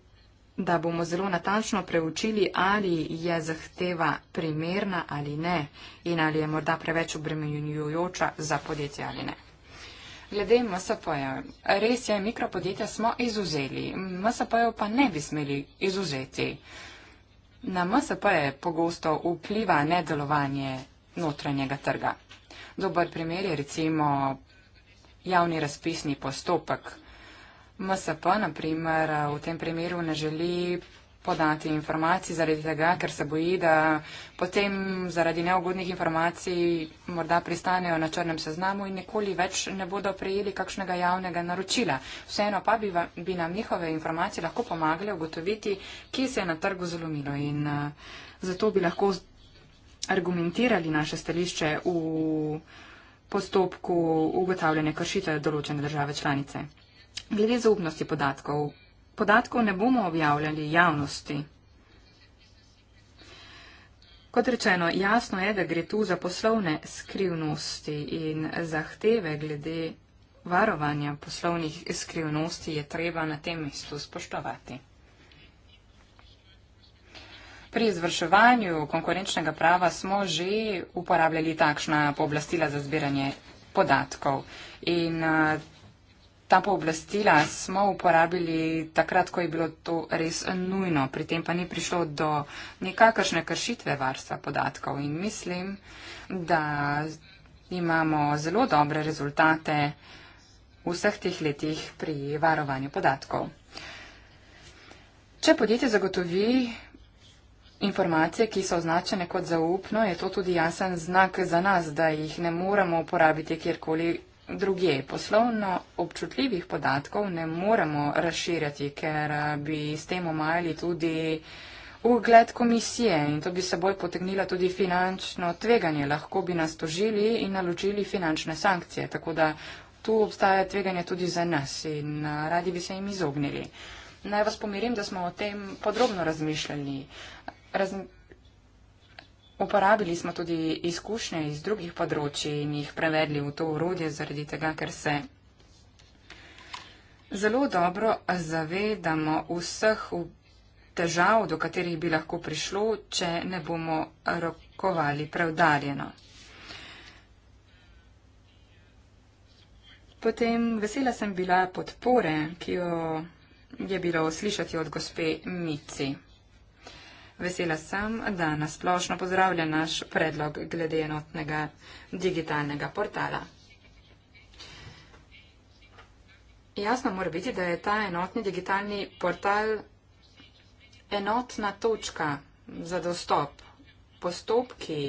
da bomo zelo natančno preučili, ali je zahteva primerna ali ne in ali je morda preveč obremenjujoča za podjetje ali ne. Glede MSP-ja, res je, mikropodjetja smo izuzeli, MSP-jo pa ne bi smeli izuzeti. Na MSP-je pogosto vpliva nedelovanje notranjega trga. Dober primer je recimo javni razpisni postopek. MSP naprimer v tem primeru ne želi podati informacij, zaradi tega, ker se boji, da potem zaradi neugodnih informacij morda pristanejo na črnem seznamu in nikoli več ne bodo prejeli kakšnega javnega naročila. Vseeno pa bi, bi nam njihove informacije lahko pomagale ugotoviti, kje se je na trgu zlomilo in eh, zato bi lahko argumentirali naše stališče v postopku ugotavljanja kršitev določene države članice. Glede zaupnosti podatkov podatkov ne bomo objavljali javnosti. Kot rečeno, jasno je, da gre tu za poslovne skrivnosti in zahteve glede varovanja poslovnih skrivnosti je treba na tem mestu spoštovati. Pri izvrševanju konkurenčnega prava smo že uporabljali takšna pooblastila za zbiranje podatkov in Ta pooblastila smo uporabili takrat, ko je bilo to res nujno, pri tem pa ni prišlo do nekakršne kršitve varstva podatkov in mislim, da imamo zelo dobre rezultate vseh teh letih pri varovanju podatkov. Če podjetje zagotovi informacije, ki so označene kot zaupno, je to tudi jasen znak za nas, da jih ne moramo uporabiti kjerkoli druge. Poslovno občutljivih podatkov ne moremo razširjati, ker eh, bi s tem omajali tudi ugled komisije in to bi seboj potegnila tudi finančno tveganje. Lahko bi nas tožili in naložili finančne sankcije, tako da tu obstaja tveganje tudi za nas in eh, radi bi se jim izognili. Naj vas pomirim, da smo o tem podrobno razmišljali. Razmi Uporabili smo tudi izkušnje iz drugih področji in jih prevedli v to urodje zaradi tega, ker se zelo dobro zavedamo vseh težav, do katerih bi lahko prišlo, če ne bomo rokovali preudarjeno. Potem vesela sem bila podpore, ki jo je bilo slišati od gospe Mici. Vesela sem, da nasplošno pozdravlja naš predlog glede enotnega digitalnega portala. Jasno mora biti, da je ta enotni digitalni portal enotna točka za dostop. Postopki,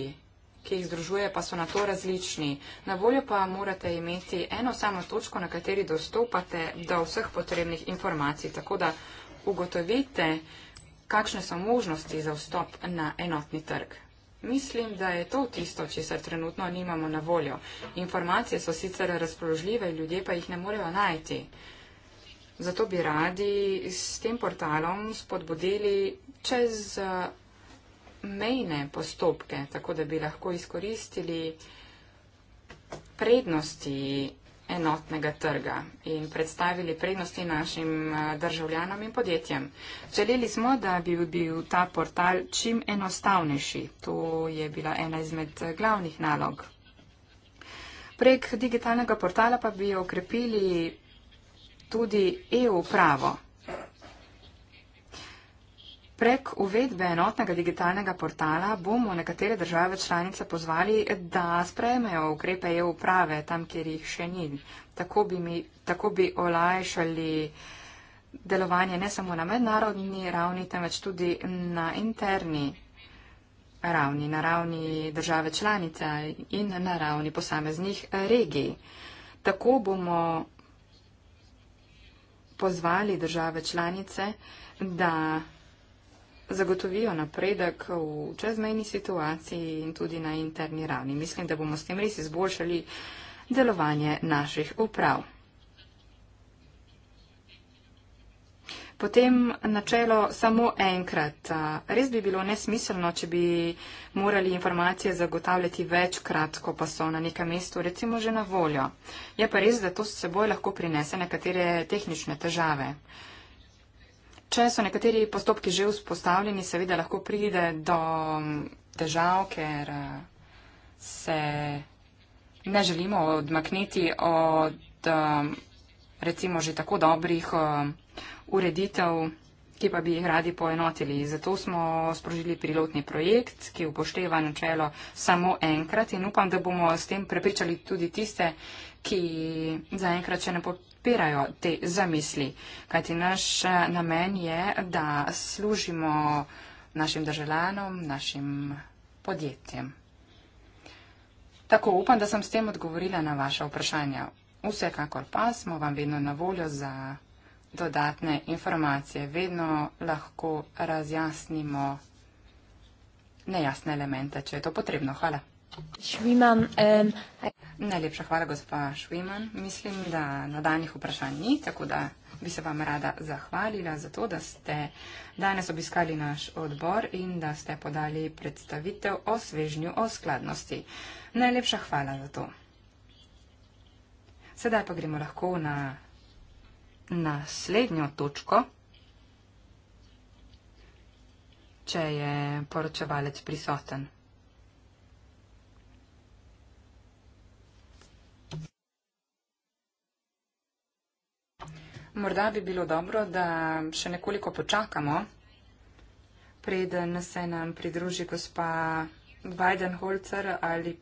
ki jih združuje, pa so na to različni. Na voljo pa morate imeti eno samo točko, na kateri dostopate do vseh potrebnih informacij. Tako da ugotovite, kakšne so možnosti za vstop na enotni trg. Mislim, da je to tisto, če se trenutno nimamo na voljo. Informacije so sicer razpoložljive, ljudje pa jih ne morejo najti. Zato bi radi s tem portalom spodbudili čez eh, mejne postopke, tako da bi lahko izkoristili prednosti enotnega trga in predstavili prednosti našim eh, državljanom in podjetjem. Želeli smo, da bi bil ta portal čim enostavnejši. To je bila ena izmed eh, glavnih nalog. Prek digitalnega portala pa bi okrepili tudi EU pravo. Prek uvedbe enotnega digitalnega portala bomo nekatere države članice pozvali, da sprejmejo ukrepe EU uprave tam, kjer jih še ni. Tako bi, mi, tako bi olajšali delovanje ne samo na mednarodni ravni, temveč tudi na interni ravni, na ravni države članice in na ravni posameznih regij. Tako bomo pozvali države članice, da zagotovijo napredek v čezmejni situaciji in tudi na interni ravni. Mislim, da bomo s tem res izboljšali delovanje naših uprav. Potem načelo samo enkrat. Res bi bilo nesmiselno, če bi morali informacije zagotavljati večkrat, ko pa so na nekem mestu, recimo že na voljo. Je pa res, da to s seboj lahko prinese nekatere tehnične težave. Če so nekateri postopki že vzpostavljeni, seveda lahko pride do mm, težav, ker eh, se ne želimo odmakniti od mm, recimo že tako dobrih eh, ureditev, ki pa bi jih radi poenotili. Zato smo sprožili pilotni projekt, ki upošteva načelo samo enkrat in upam, da bomo s tem prepričali tudi tiste, ki zaenkrat še ne potrebujejo podpirajo te zamisli, kajti naš eh, namen je, da služimo našim državljanom, našim podjetjem. Tako upam, da sem s tem odgovorila na vaše vprašanja. Vsekakor pa smo vam vedno na voljo za dodatne informacije. Vedno lahko razjasnimo nejasne elemente, če je to potrebno. Hvala. Če imam, um, Najlepša hvala, gospa Švejman. Mislim, da na danjih vprašanj ni, tako da bi se vam rada zahvalila za to, da ste danes obiskali naš odbor in da ste podali predstavitev o svežnju o skladnosti. Najlepša hvala za to. Sedaj pa gremo lahko na naslednjo točko. Če je poročevalec prisoten. Morda bi bilo dobro, da še nekoliko počakamo, preden se nam pridruži gospa Weidenholzer ali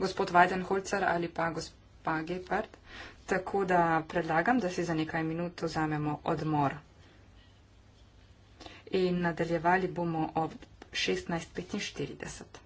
gospod Weidenholzer ali pa gospa Gepard. Tako da predlagam, da si za nekaj minut vzamemo odmor. In nadaljevali bomo ob 16.45.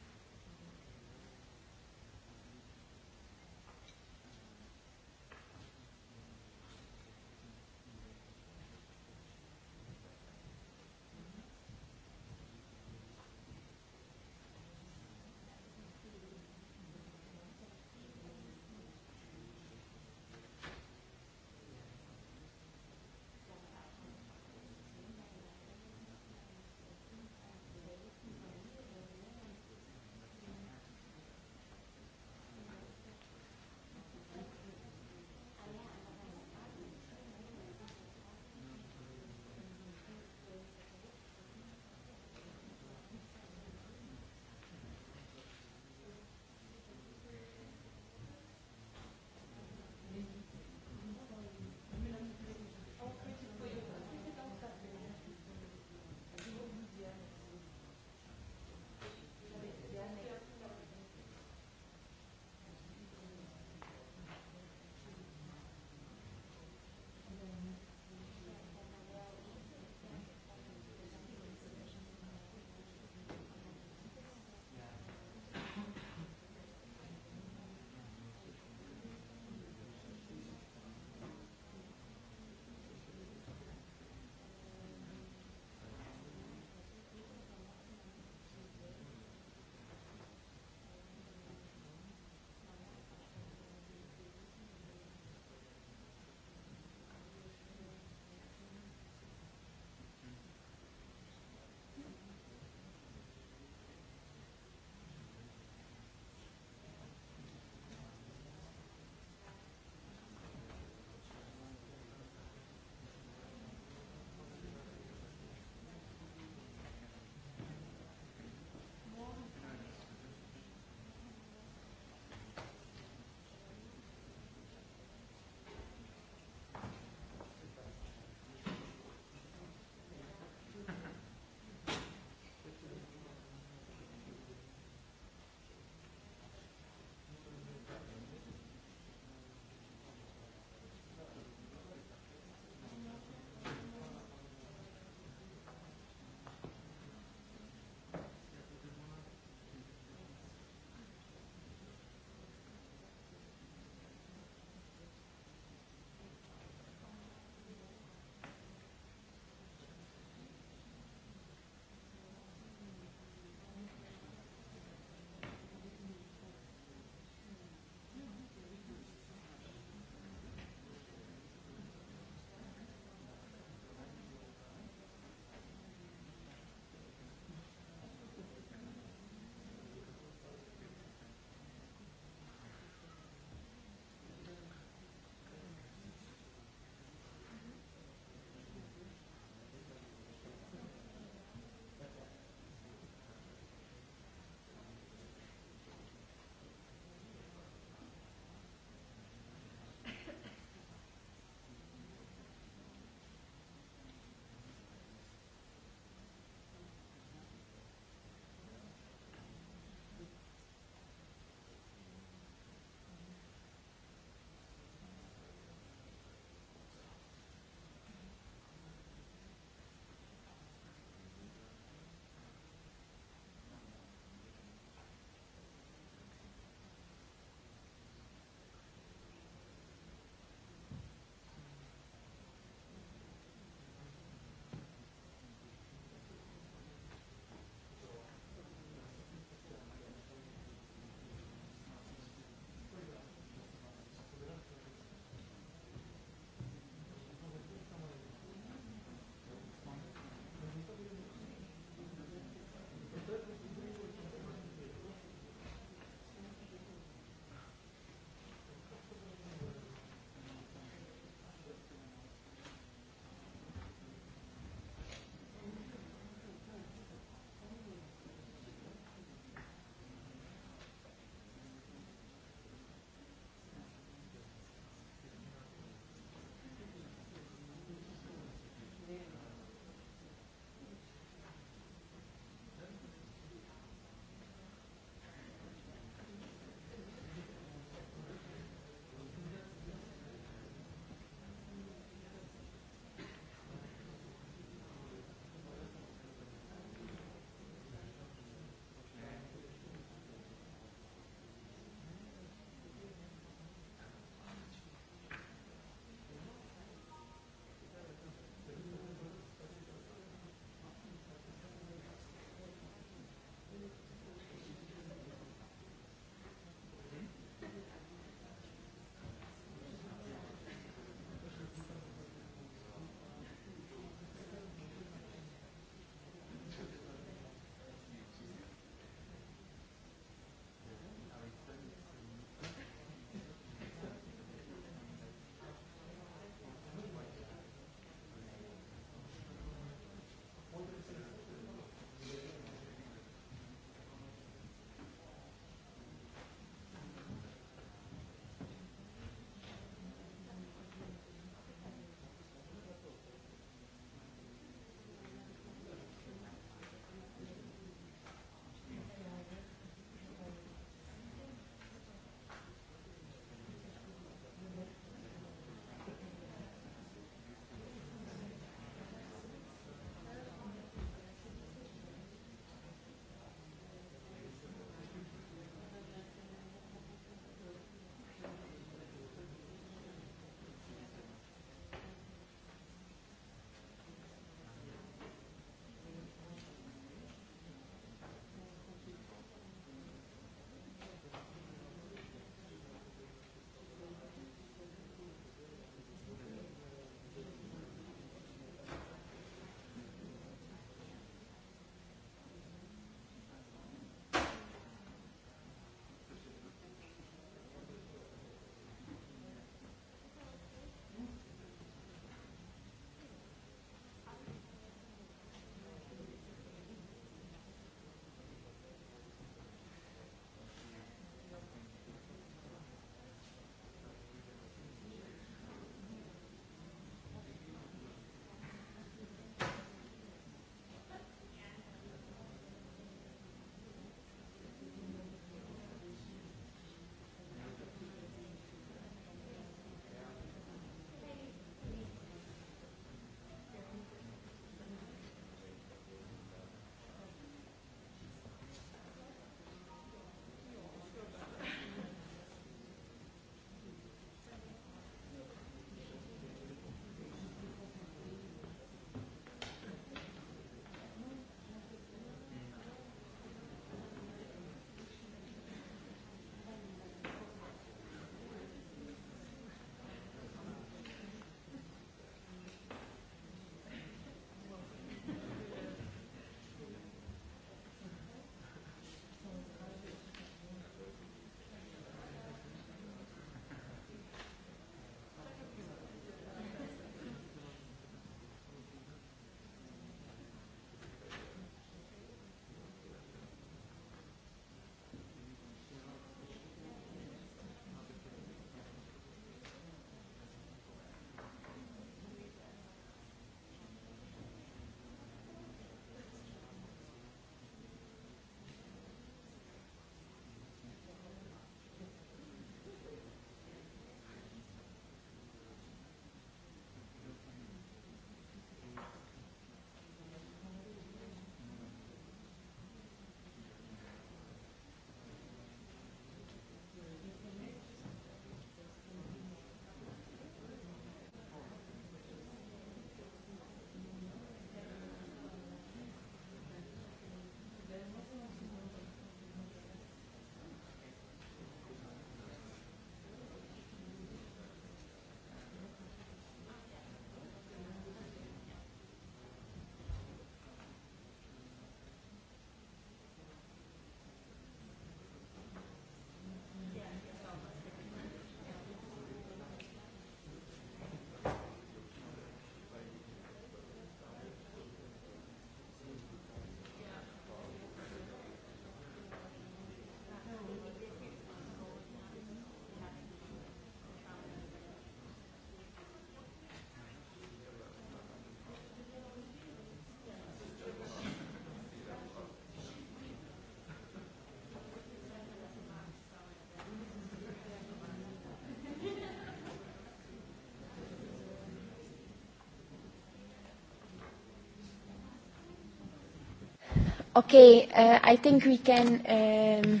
Okay, uh, I think we can um,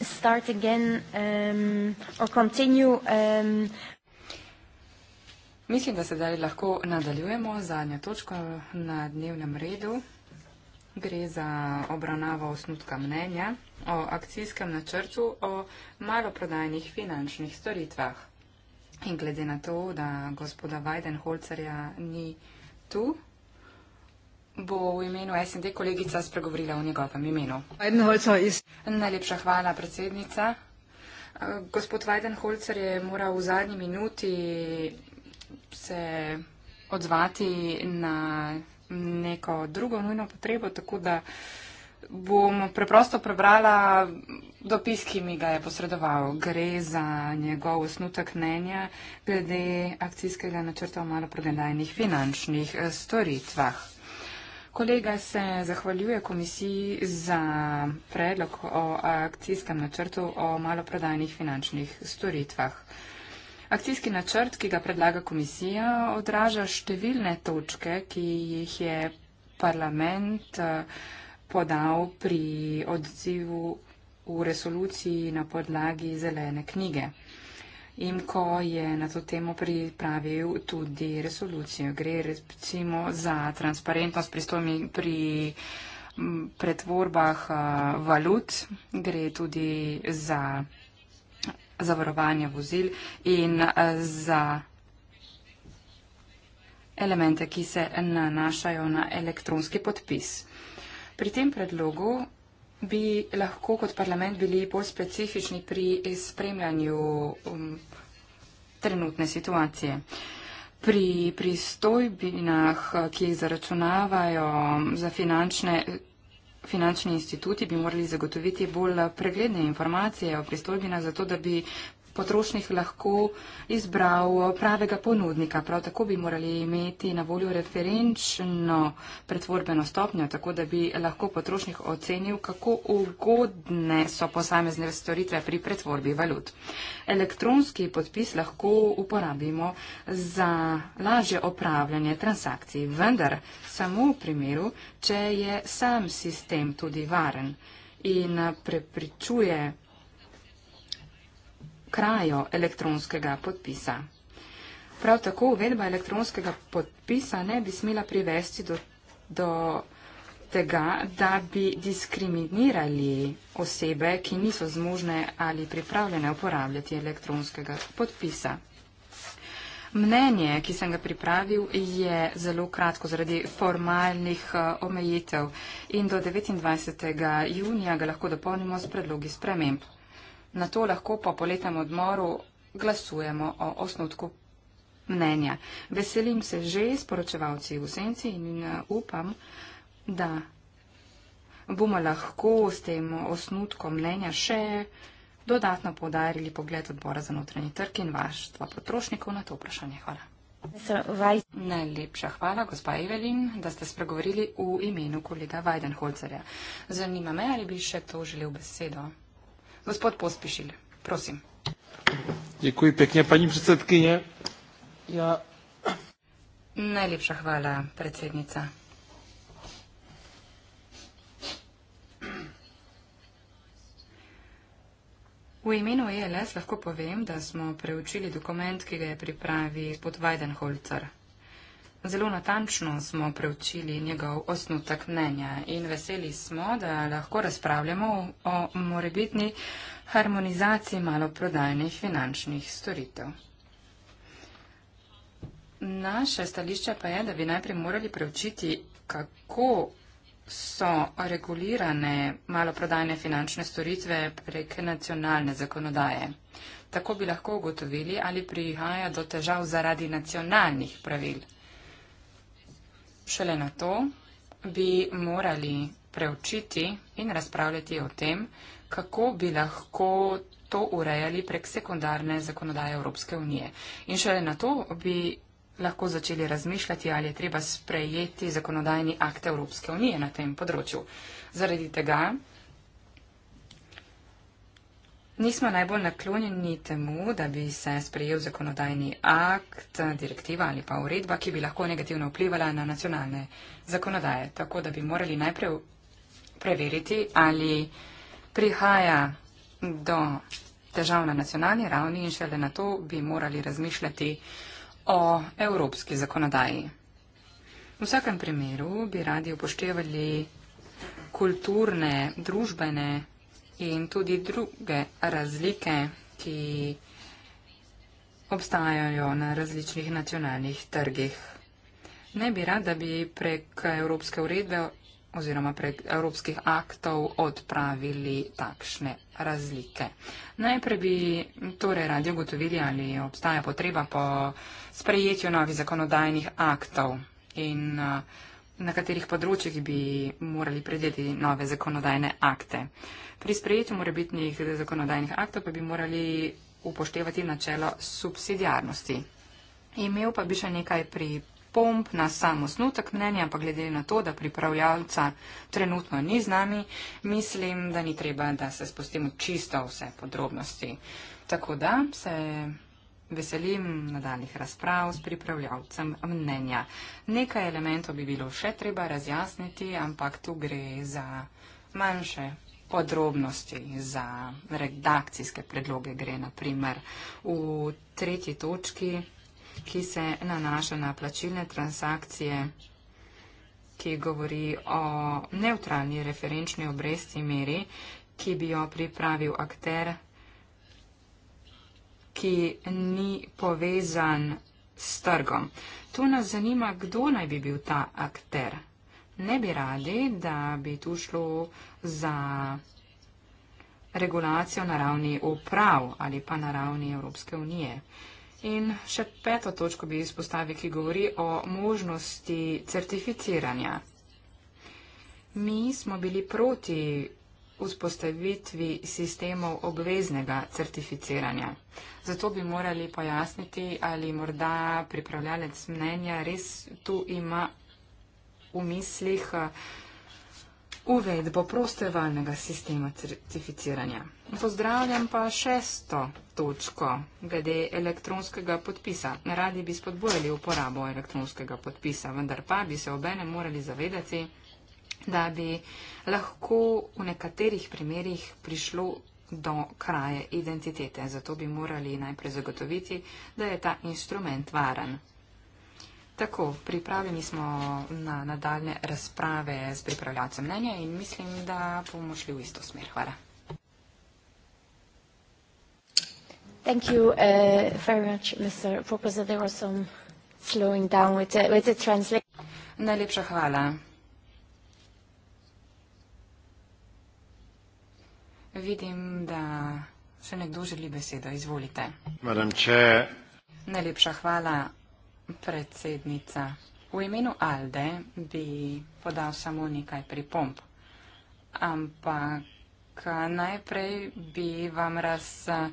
start again um, or continue. Um, Mislim, da sedaj lahko nadaljujemo zadnjo točko na dnevnem redu. Gre za obravnavo osnutka mnenja o akcijskem načrtu o maloprodajnih finančnih storitvah. In glede na to, da gospoda Weidenholzerja ni tu, bo v imenu SND kolegica spregovorila v njegovem imenu. Najlepša hvala, predsednica. Eh, gospod Weidenholzer je moral v zadnji minuti se odzvati na neko drugo nujno potrebo, tako da bom preprosto prebrala dopis, ki mi ga je posredoval. Gre za njegov osnutek mnenja glede akcijskega načrta o maloprodajnih finančnih storitvah. Kolega se zahvaljuje komisiji za predlog o akcijskem načrtu o maloprodajnih finančnih storitvah. Akcijski načrt, ki ga predlaga komisija, odraža številne točke, ki jih je parlament eh, podal pri odzivu v resoluciji na podlagi zelene knjige in ko je na to temo pripravil tudi resolucijo. Gre recimo za transparentnost pri, stojmi, pri pretvorbah valut, gre tudi za zavarovanje vozil in za elemente, ki se nanašajo na elektronski podpis. Pri tem predlogu bi lahko kot parlament bili bolj specifični pri spremljanju trenutne situacije. Pri pristojbinah, ki jih zaračunavajo za finančne, finančni instituti, bi morali zagotoviti bolj pregledne informacije o pristojbinah, zato da bi potrošnik lahko izbral pravega ponudnika. Prav tako bi morali imeti na voljo referenčno pretvorbeno stopnjo, tako da bi lahko potrošnik ocenil, kako ugodne so posamezne storitve pri pretvorbi valut. Elektronski podpis lahko uporabimo za lažje opravljanje transakcij, vendar samo v primeru, če je sam sistem tudi varen in prepričuje, krajo elektronskega podpisa. Prav tako uvedba elektronskega podpisa ne bi smela privesti do, do tega, da bi diskriminirali osebe, ki niso zmožne ali pripravljene uporabljati elektronskega podpisa. Mnenje, ki sem ga pripravil, je zelo kratko zaradi formalnih eh, omejitev in do 29. junija ga lahko dopolnimo s predlogi sprememb na to lahko po poletnem odmoru glasujemo o osnutku mnenja. Veselim se že s poročevalci v senci in uh, upam, da bomo lahko s tem osnutkom mnenja še dodatno podarili pogled odbora za notranji trg in varstva potrošnikov na to vprašanje. Hvala. Najlepša hvala, gospa Evelin, da ste spregovorili v imenu kolega Weidenholzerja. Zanima me, ali bi še to želel besedo. Gospod Pospišil, prosim. Děkuji pěkně, paní předsedkyně. Já... Ja. Najlepša hvala, predsednica. V imenu ELS lahko povem, da smo preučili dokument, ki ga je pripravil gospod Weidenholzer. Zelo natančno smo preučili njegov osnutek mnenja in veseli smo, da lahko razpravljamo o morebitni harmonizaciji maloprodajnih finančnih storitev. Naše stališče pa je, da bi najprej morali preučiti, kako so regulirane maloprodajne finančne storitve prek nacionalne zakonodaje. Tako bi lahko ugotovili, ali prihaja do težav zaradi nacionalnih pravil. Šele na to bi morali preučiti in razpravljati o tem, kako bi lahko to urejali prek sekundarne zakonodaje Evropske unije. In šele na to bi lahko začeli razmišljati, ali je treba sprejeti zakonodajni akt Evropske unije na tem področju. Zaradi tega Nismo najbolj naklonjeni temu, da bi se sprejel zakonodajni akt, direktiva ali pa uredba, ki bi lahko negativno vplivala na nacionalne zakonodaje. Tako da bi morali najprej preveriti, ali prihaja do težav na nacionalni ravni in šele na to bi morali razmišljati o evropski zakonodaji. V vsakem primeru bi radi upoštevali kulturne, družbene in tudi druge razlike, ki obstajajo na različnih nacionalnih trgih. Ne bi rad, da bi prek evropske uredbe oziroma prek evropskih aktov odpravili takšne razlike. Najprej bi torej radi ugotovili, ali obstaja potreba po sprejetju novih zakonodajnih aktov in eh, na katerih področjih bi morali predeti nove zakonodajne akte. Uh, Pri sprejetju morebitnih zakonodajnih aktov pa bi morali upoštevati načelo subsidijarnosti. Imel pa bi še nekaj pripomp na samo snutek mnenja, pa glede na to, da pripravljalca trenutno ni z nami, mislim, da ni treba, da se spustimo čisto vse podrobnosti. Tako da se veselim nadaljnih razprav s pripravljalcem mnenja. Nekaj elementov bi bilo še treba razjasniti, ampak tu gre za manjše podrobnosti za redakcijske predloge gre naprimer v tretji točki, ki se nanaša na plačilne transakcije, ki govori o neutralni referenčni obresti meri, ki bi jo pripravil akter, ki ni povezan s trgom. Tu nas zanima, kdo naj bi bil ta akter ne bi radi, da bi tu šlo za regulacijo na ravni uprav ali pa na ravni Evropske unije. In še peto točko bi izpostavil, ki govori o možnosti certificiranja. Mi smo bili proti vzpostavitvi sistemov obveznega certificiranja. Zato bi morali pojasniti, ali morda pripravljalec mnenja res tu ima v mislih eh, uvedbo prostevalnega sistema certificiranja. Pozdravljam pa šesto točko glede elektronskega podpisa. Radi bi spodbojali uporabo elektronskega podpisa, vendar pa bi se obene morali zavedati, da bi lahko v nekaterih primerjih prišlo do kraje identitete. Zato bi morali najprej zagotoviti, da je ta instrument varen. Tako, pripravljeni smo na nadaljne razprave z pripravljalcem mnenja in mislim, da bomo šli v isto smer. Hvala. Thank you uh, very much, Mr. Proposer. There was some slowing down with the, with the translation. Najlepša hvala. Vidim, da še nekdo želi besedo. Izvolite. Madam Chair. Najlepša hvala predsednica. V imenu Alde bi podal samo nekaj pripomb. Ampak najprej bi vam raz eh,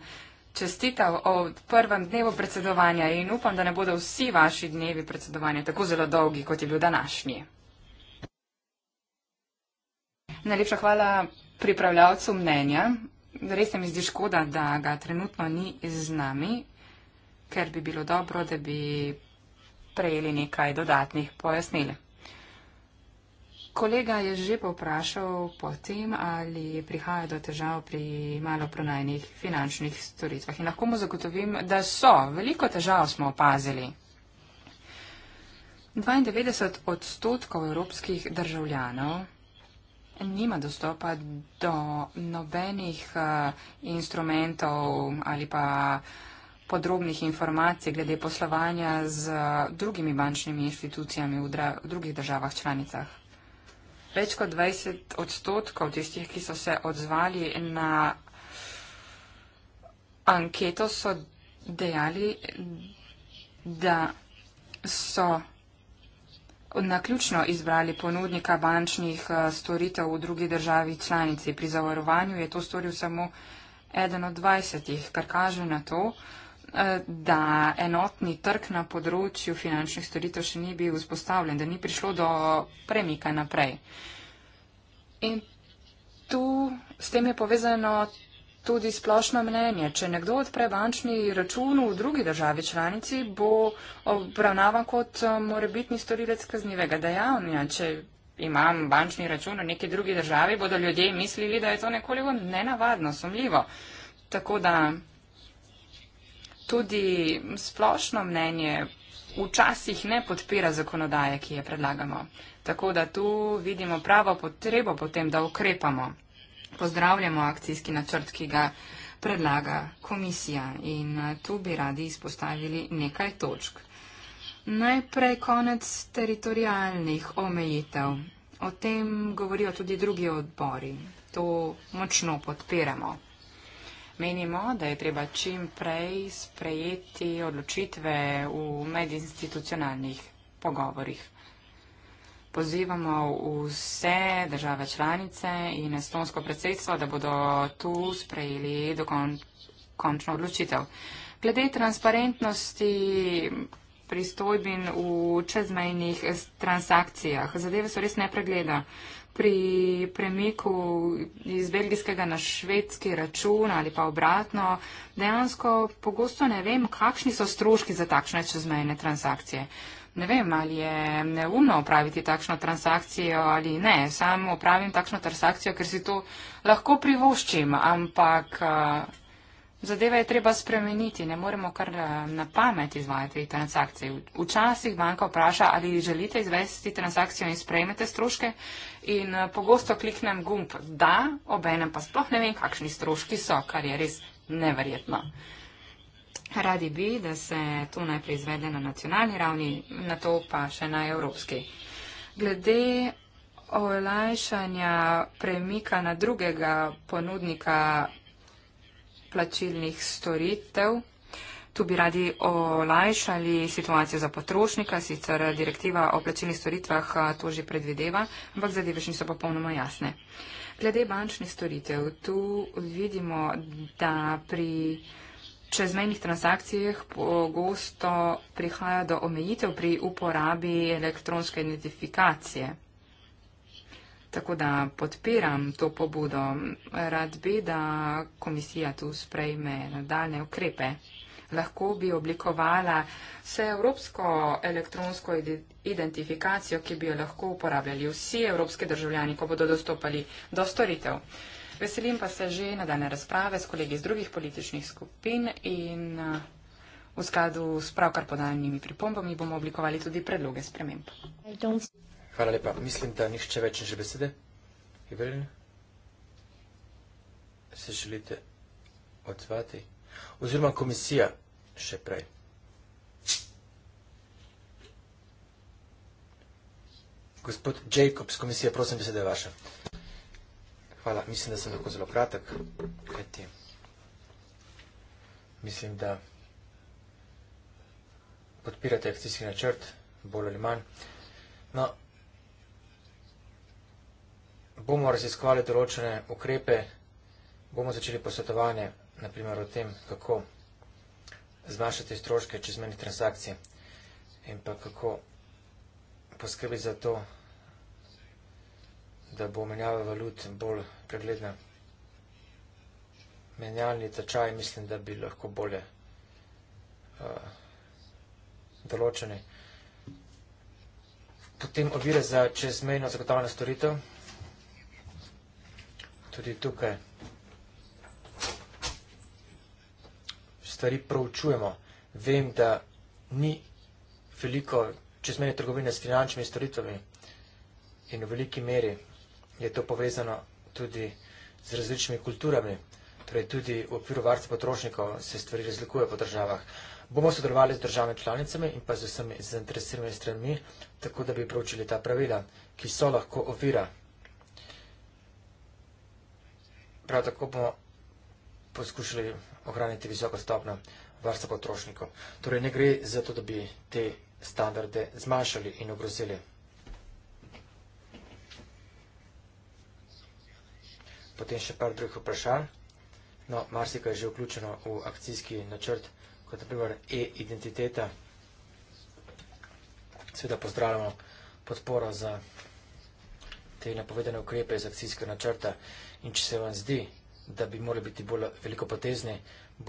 čestital o prvem dnevu predsedovanja in upam, da ne bodo vsi vaši dnevi predsedovanja tako zelo dolgi, kot je bil današnji. Najlepša hvala pripravljavcu mnenja. Res se mi zdi škoda, da ga trenutno ni z nami, ker bi bilo dobro, da bi prejeli nekaj dodatnih pojasnil. Kolega je že povprašal po tem, ali prihaja do težav pri maloprodajnih finančnih storitvah. In lahko mu zagotovim, da so. Veliko težav smo opazili. 92 odstotkov evropskih državljanov nima dostopa do nobenih uh, instrumentov ali pa uh, podrobnih informacij glede poslovanja z drugimi bančnimi institucijami v, v drugih državah članicah. Več kot 20 odstotkov tistih, ki so se odzvali na anketo, so dejali, da so naključno izbrali ponudnika bančnih eh, storitev v drugi državi članici. Pri zavarovanju je to storil samo eden od 20, kar kaže na to, Eh, da enotni trg na področju finančnih storitev še ni bil vzpostavljen, da ni prišlo do premika naprej. In tu s tem je povezano tudi splošno mnenje. Če nekdo odpre bančni račun v drugi državi članici, bo obravnavan kot eh, morebitni storilec kaznivega dejavnja. Če imam bančni račun v neki drugi državi, bodo ljudje mislili, da je to nekoliko nenavadno, sumljivo. Tako da tudi splošno mnenje včasih ne podpira zakonodaje, ki je predlagamo. Tako da tu vidimo pravo potrebo potem, da ukrepamo. Pozdravljamo akcijski načrt, ki ga predlaga komisija in eh, tu bi radi izpostavili nekaj točk. Najprej konec teritorijalnih omejitev. O tem govorijo tudi drugi odbori. To močno podpiramo. Menimo, da je treba čim prej sprejeti odločitve v medinstitucionalnih pogovorih. Pozivamo vse države članice in estonsko predsedstvo, da bodo tu sprejeli dokončno kon odločitev. Glede transparentnosti pristojbin v čezmejnih transakcijah. Zadeve so res nepregledane pri premiku iz belgijskega na švedski račun ali pa obratno, dejansko pogosto ne vem, kakšni so stroški za takšne čezmejne transakcije. Ne vem, ali je neumno opraviti takšno transakcijo ali ne. Sam opravim takšno transakcijo, ker si to lahko privoščim, ampak. Uh, zadeve je treba spremeniti, ne moremo kar eh, na pamet izvajati transakcije. Včasih banka vpraša, ali želite izvesti transakcijo in sprejmete stroške in eh, pogosto kliknem gumb da, obenem pa sploh ne vem, kakšni stroški so, kar je res neverjetno. Radi bi, da se to najprej izvede na nacionalni ravni, na to pa še na evropski. Glede olajšanja premika na drugega ponudnika plačilnih storitev. Tu bi radi olajšali situacijo za potrošnika, sicer direktiva o plačilnih storitvah to že predvideva, ampak zadeve še niso popolnoma jasne. Glede bančnih storitev, tu vidimo, da pri čezmejnih transakcijah pogosto prihaja do omejitev pri uporabi elektronske identifikacije. Tako da podpiram to pobudo. Rad bi, da komisija tu sprejme nadaljne ukrepe. Lahko bi oblikovala vse evropsko elektronsko identifikacijo, ki bi jo lahko uporabljali vsi evropski državljani, ko bodo dostopali do storitev. Veselim pa se že nadaljne razprave s kolegi iz drugih političnih skupin in v skladu s pravkar podaljnimi pripombami bomo oblikovali tudi predloge sprememb. Hvala lepa. Mislim, da nišče več ne že besede. Evelin, se želite odzvati? Oziroma komisija še prej. Gospod Jacobs, komisija, prosim, beseda je vaša. Hvala, mislim, da sem lahko zelo kratek. Kajti, mislim, da podpirate akcijski načrt, bolj ali manj. No, bomo raziskovali določene ukrepe, bomo začeli posvetovanje, naprimer o tem, kako zmanjšati stroške čezmenih transakcij in pa kako poskrbi za to, da bo menjava valut bolj pregledna. Menjalni tečaj mislim, da bi lahko bolje uh, določeni. Potem obire za čezmejno zagotavljanje storitev tudi tukaj stvari proučujemo. Vem, da ni veliko čezmene trgovine s finančnimi storitvami in v veliki meri je to povezano tudi z različnimi kulturami, torej tudi v okviru varstva potrošnikov se stvari razlikujejo po državah. Bomo sodelovali z državami članicami in pa z vsemi zainteresiranimi stranmi, tako da bi proučili ta pravila, ki so lahko ovira Prav tako bomo poskušali ohraniti visoko stopno varstva potrošnikov. Torej ne gre za to, da bi te standarde zmanjšali in ogrozili. Potem še par drugih vprašanj. No, marsika je že vključeno v akcijski načrt, kot je primer e-identiteta. Sveda pozdravljamo podporo za te napovedane ukrepe iz akcijskega načrta, In če se vam zdi, da bi morali biti bolj veliko potezni,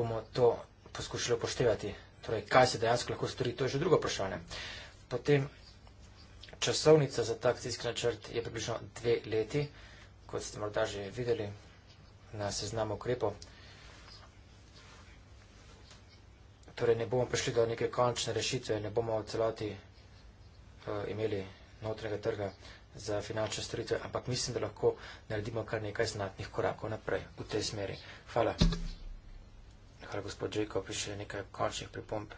bomo to poskušali upoštevati. Torej, kaj se dejansko lahko stori, to je že drugo vprašanje. Potem časovnica za ta akcijski načrt je približno dve leti, kot ste morda že videli na seznamu ukrepov. Torej, ne bomo prišli do neke končne rešitve, ne bomo v celoti uh, imeli notranjega trga. Uh, za finančne storitve, ampak mislim, da lahko naredimo kar nekaj znatnih korakov naprej v tej smeri. Hvala. Hvala, gospod Džekov, prišli nekaj končnih pripomp.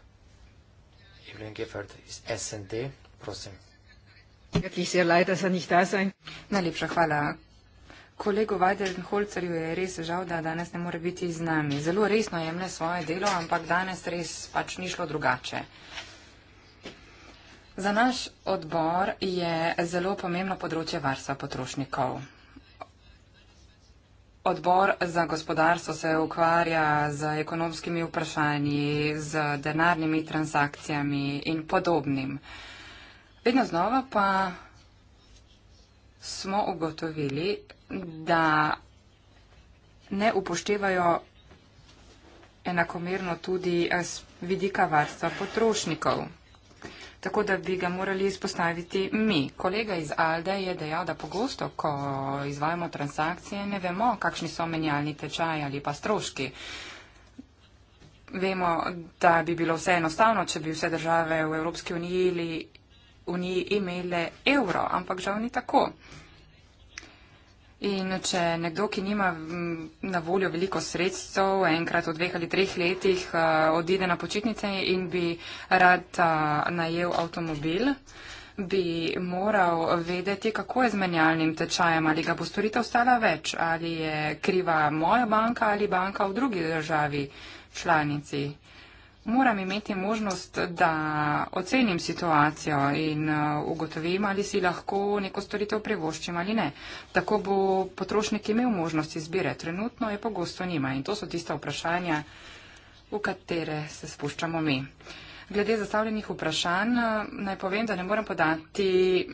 Evelyn Giffard iz SND, prosim. Er Najlepša hvala. Kolego Weidenholzerju je res žal, da danes ne more biti z nami. Zelo resno jemlje svoje delo, ampak danes res pač ni šlo drugače. Za naš odbor je zelo pomembno področje varstva potrošnikov. Odbor za gospodarstvo se ukvarja z ekonomskimi vprašanji, z denarnimi transakcijami in podobnim. Vedno znova pa smo ugotovili, da ne upoštevajo enakomerno tudi z vidika varstva potrošnikov tako da bi ga morali izpostaviti mi. Kolega iz Alde je dejal, da pogosto, ko izvajamo transakcije, ne vemo, kakšni so menjalni tečaji ali pa stroški. Vemo, da bi bilo vse enostavno, če bi vse države v Evropski uniji imele evro, ampak žal ni tako. In če nekdo, ki nima na voljo veliko sredstev, enkrat v dveh ali treh letih eh, odide na počitnice in bi rad eh, najel avtomobil, bi moral vedeti, kako je z menjalnim tečajem, ali ga bo storitev stala več, ali je kriva moja banka ali banka v drugi državi članici moram imeti možnost, da ocenim situacijo in uh, ugotovim, ali si lahko neko storitev privoščim ali ne. Tako bo potrošnik imel možnost izbire. Trenutno je pogosto nima in to so tista vprašanja, v katere se spuščamo mi. Glede zastavljenih vprašanj eh, naj povem, da ne morem podati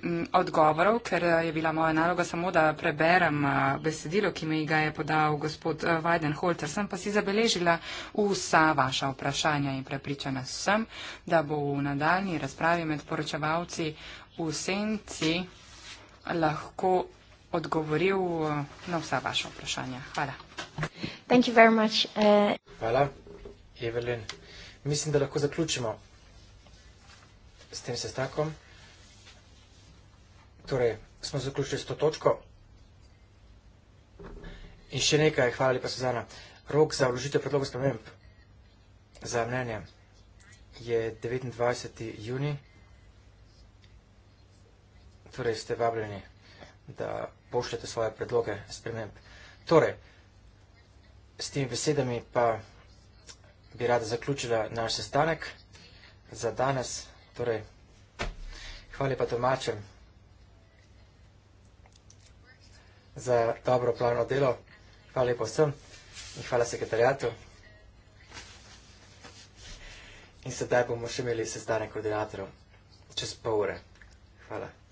mm, odgovorov, ker eh, je bila moja naloga samo, da preberem eh, besedilo, ki mi ga je podal gospod Weidenholzer. Sem pa si zabeležila vsa vaša vprašanja in prepričana sem, da bo v nadaljni razpravi med poročevalci v senci lahko odgovoril na vsa vaša vprašanja. Hvala. Thank you very much. Uh... Hvala, Evelyn. Mislim, da lahko zaključimo s tem sestankom. Torej, smo zaključili s to točko. In še nekaj, hvala lepa, Suzana. Rok za vložitev predloga sprememb za mnenje je 29. juni. Torej, ste vabljeni, da pošljete svoje predloge sprememb. Torej, s temi besedami pa bi rada zaključila naš sestanek za danes. Torej, hvala pa domačem za dobro plano delo. Hvala lepo vsem in hvala sekretarijatu. In sedaj bomo še imeli sestanek koordinatorov čez pol ure. Hvala.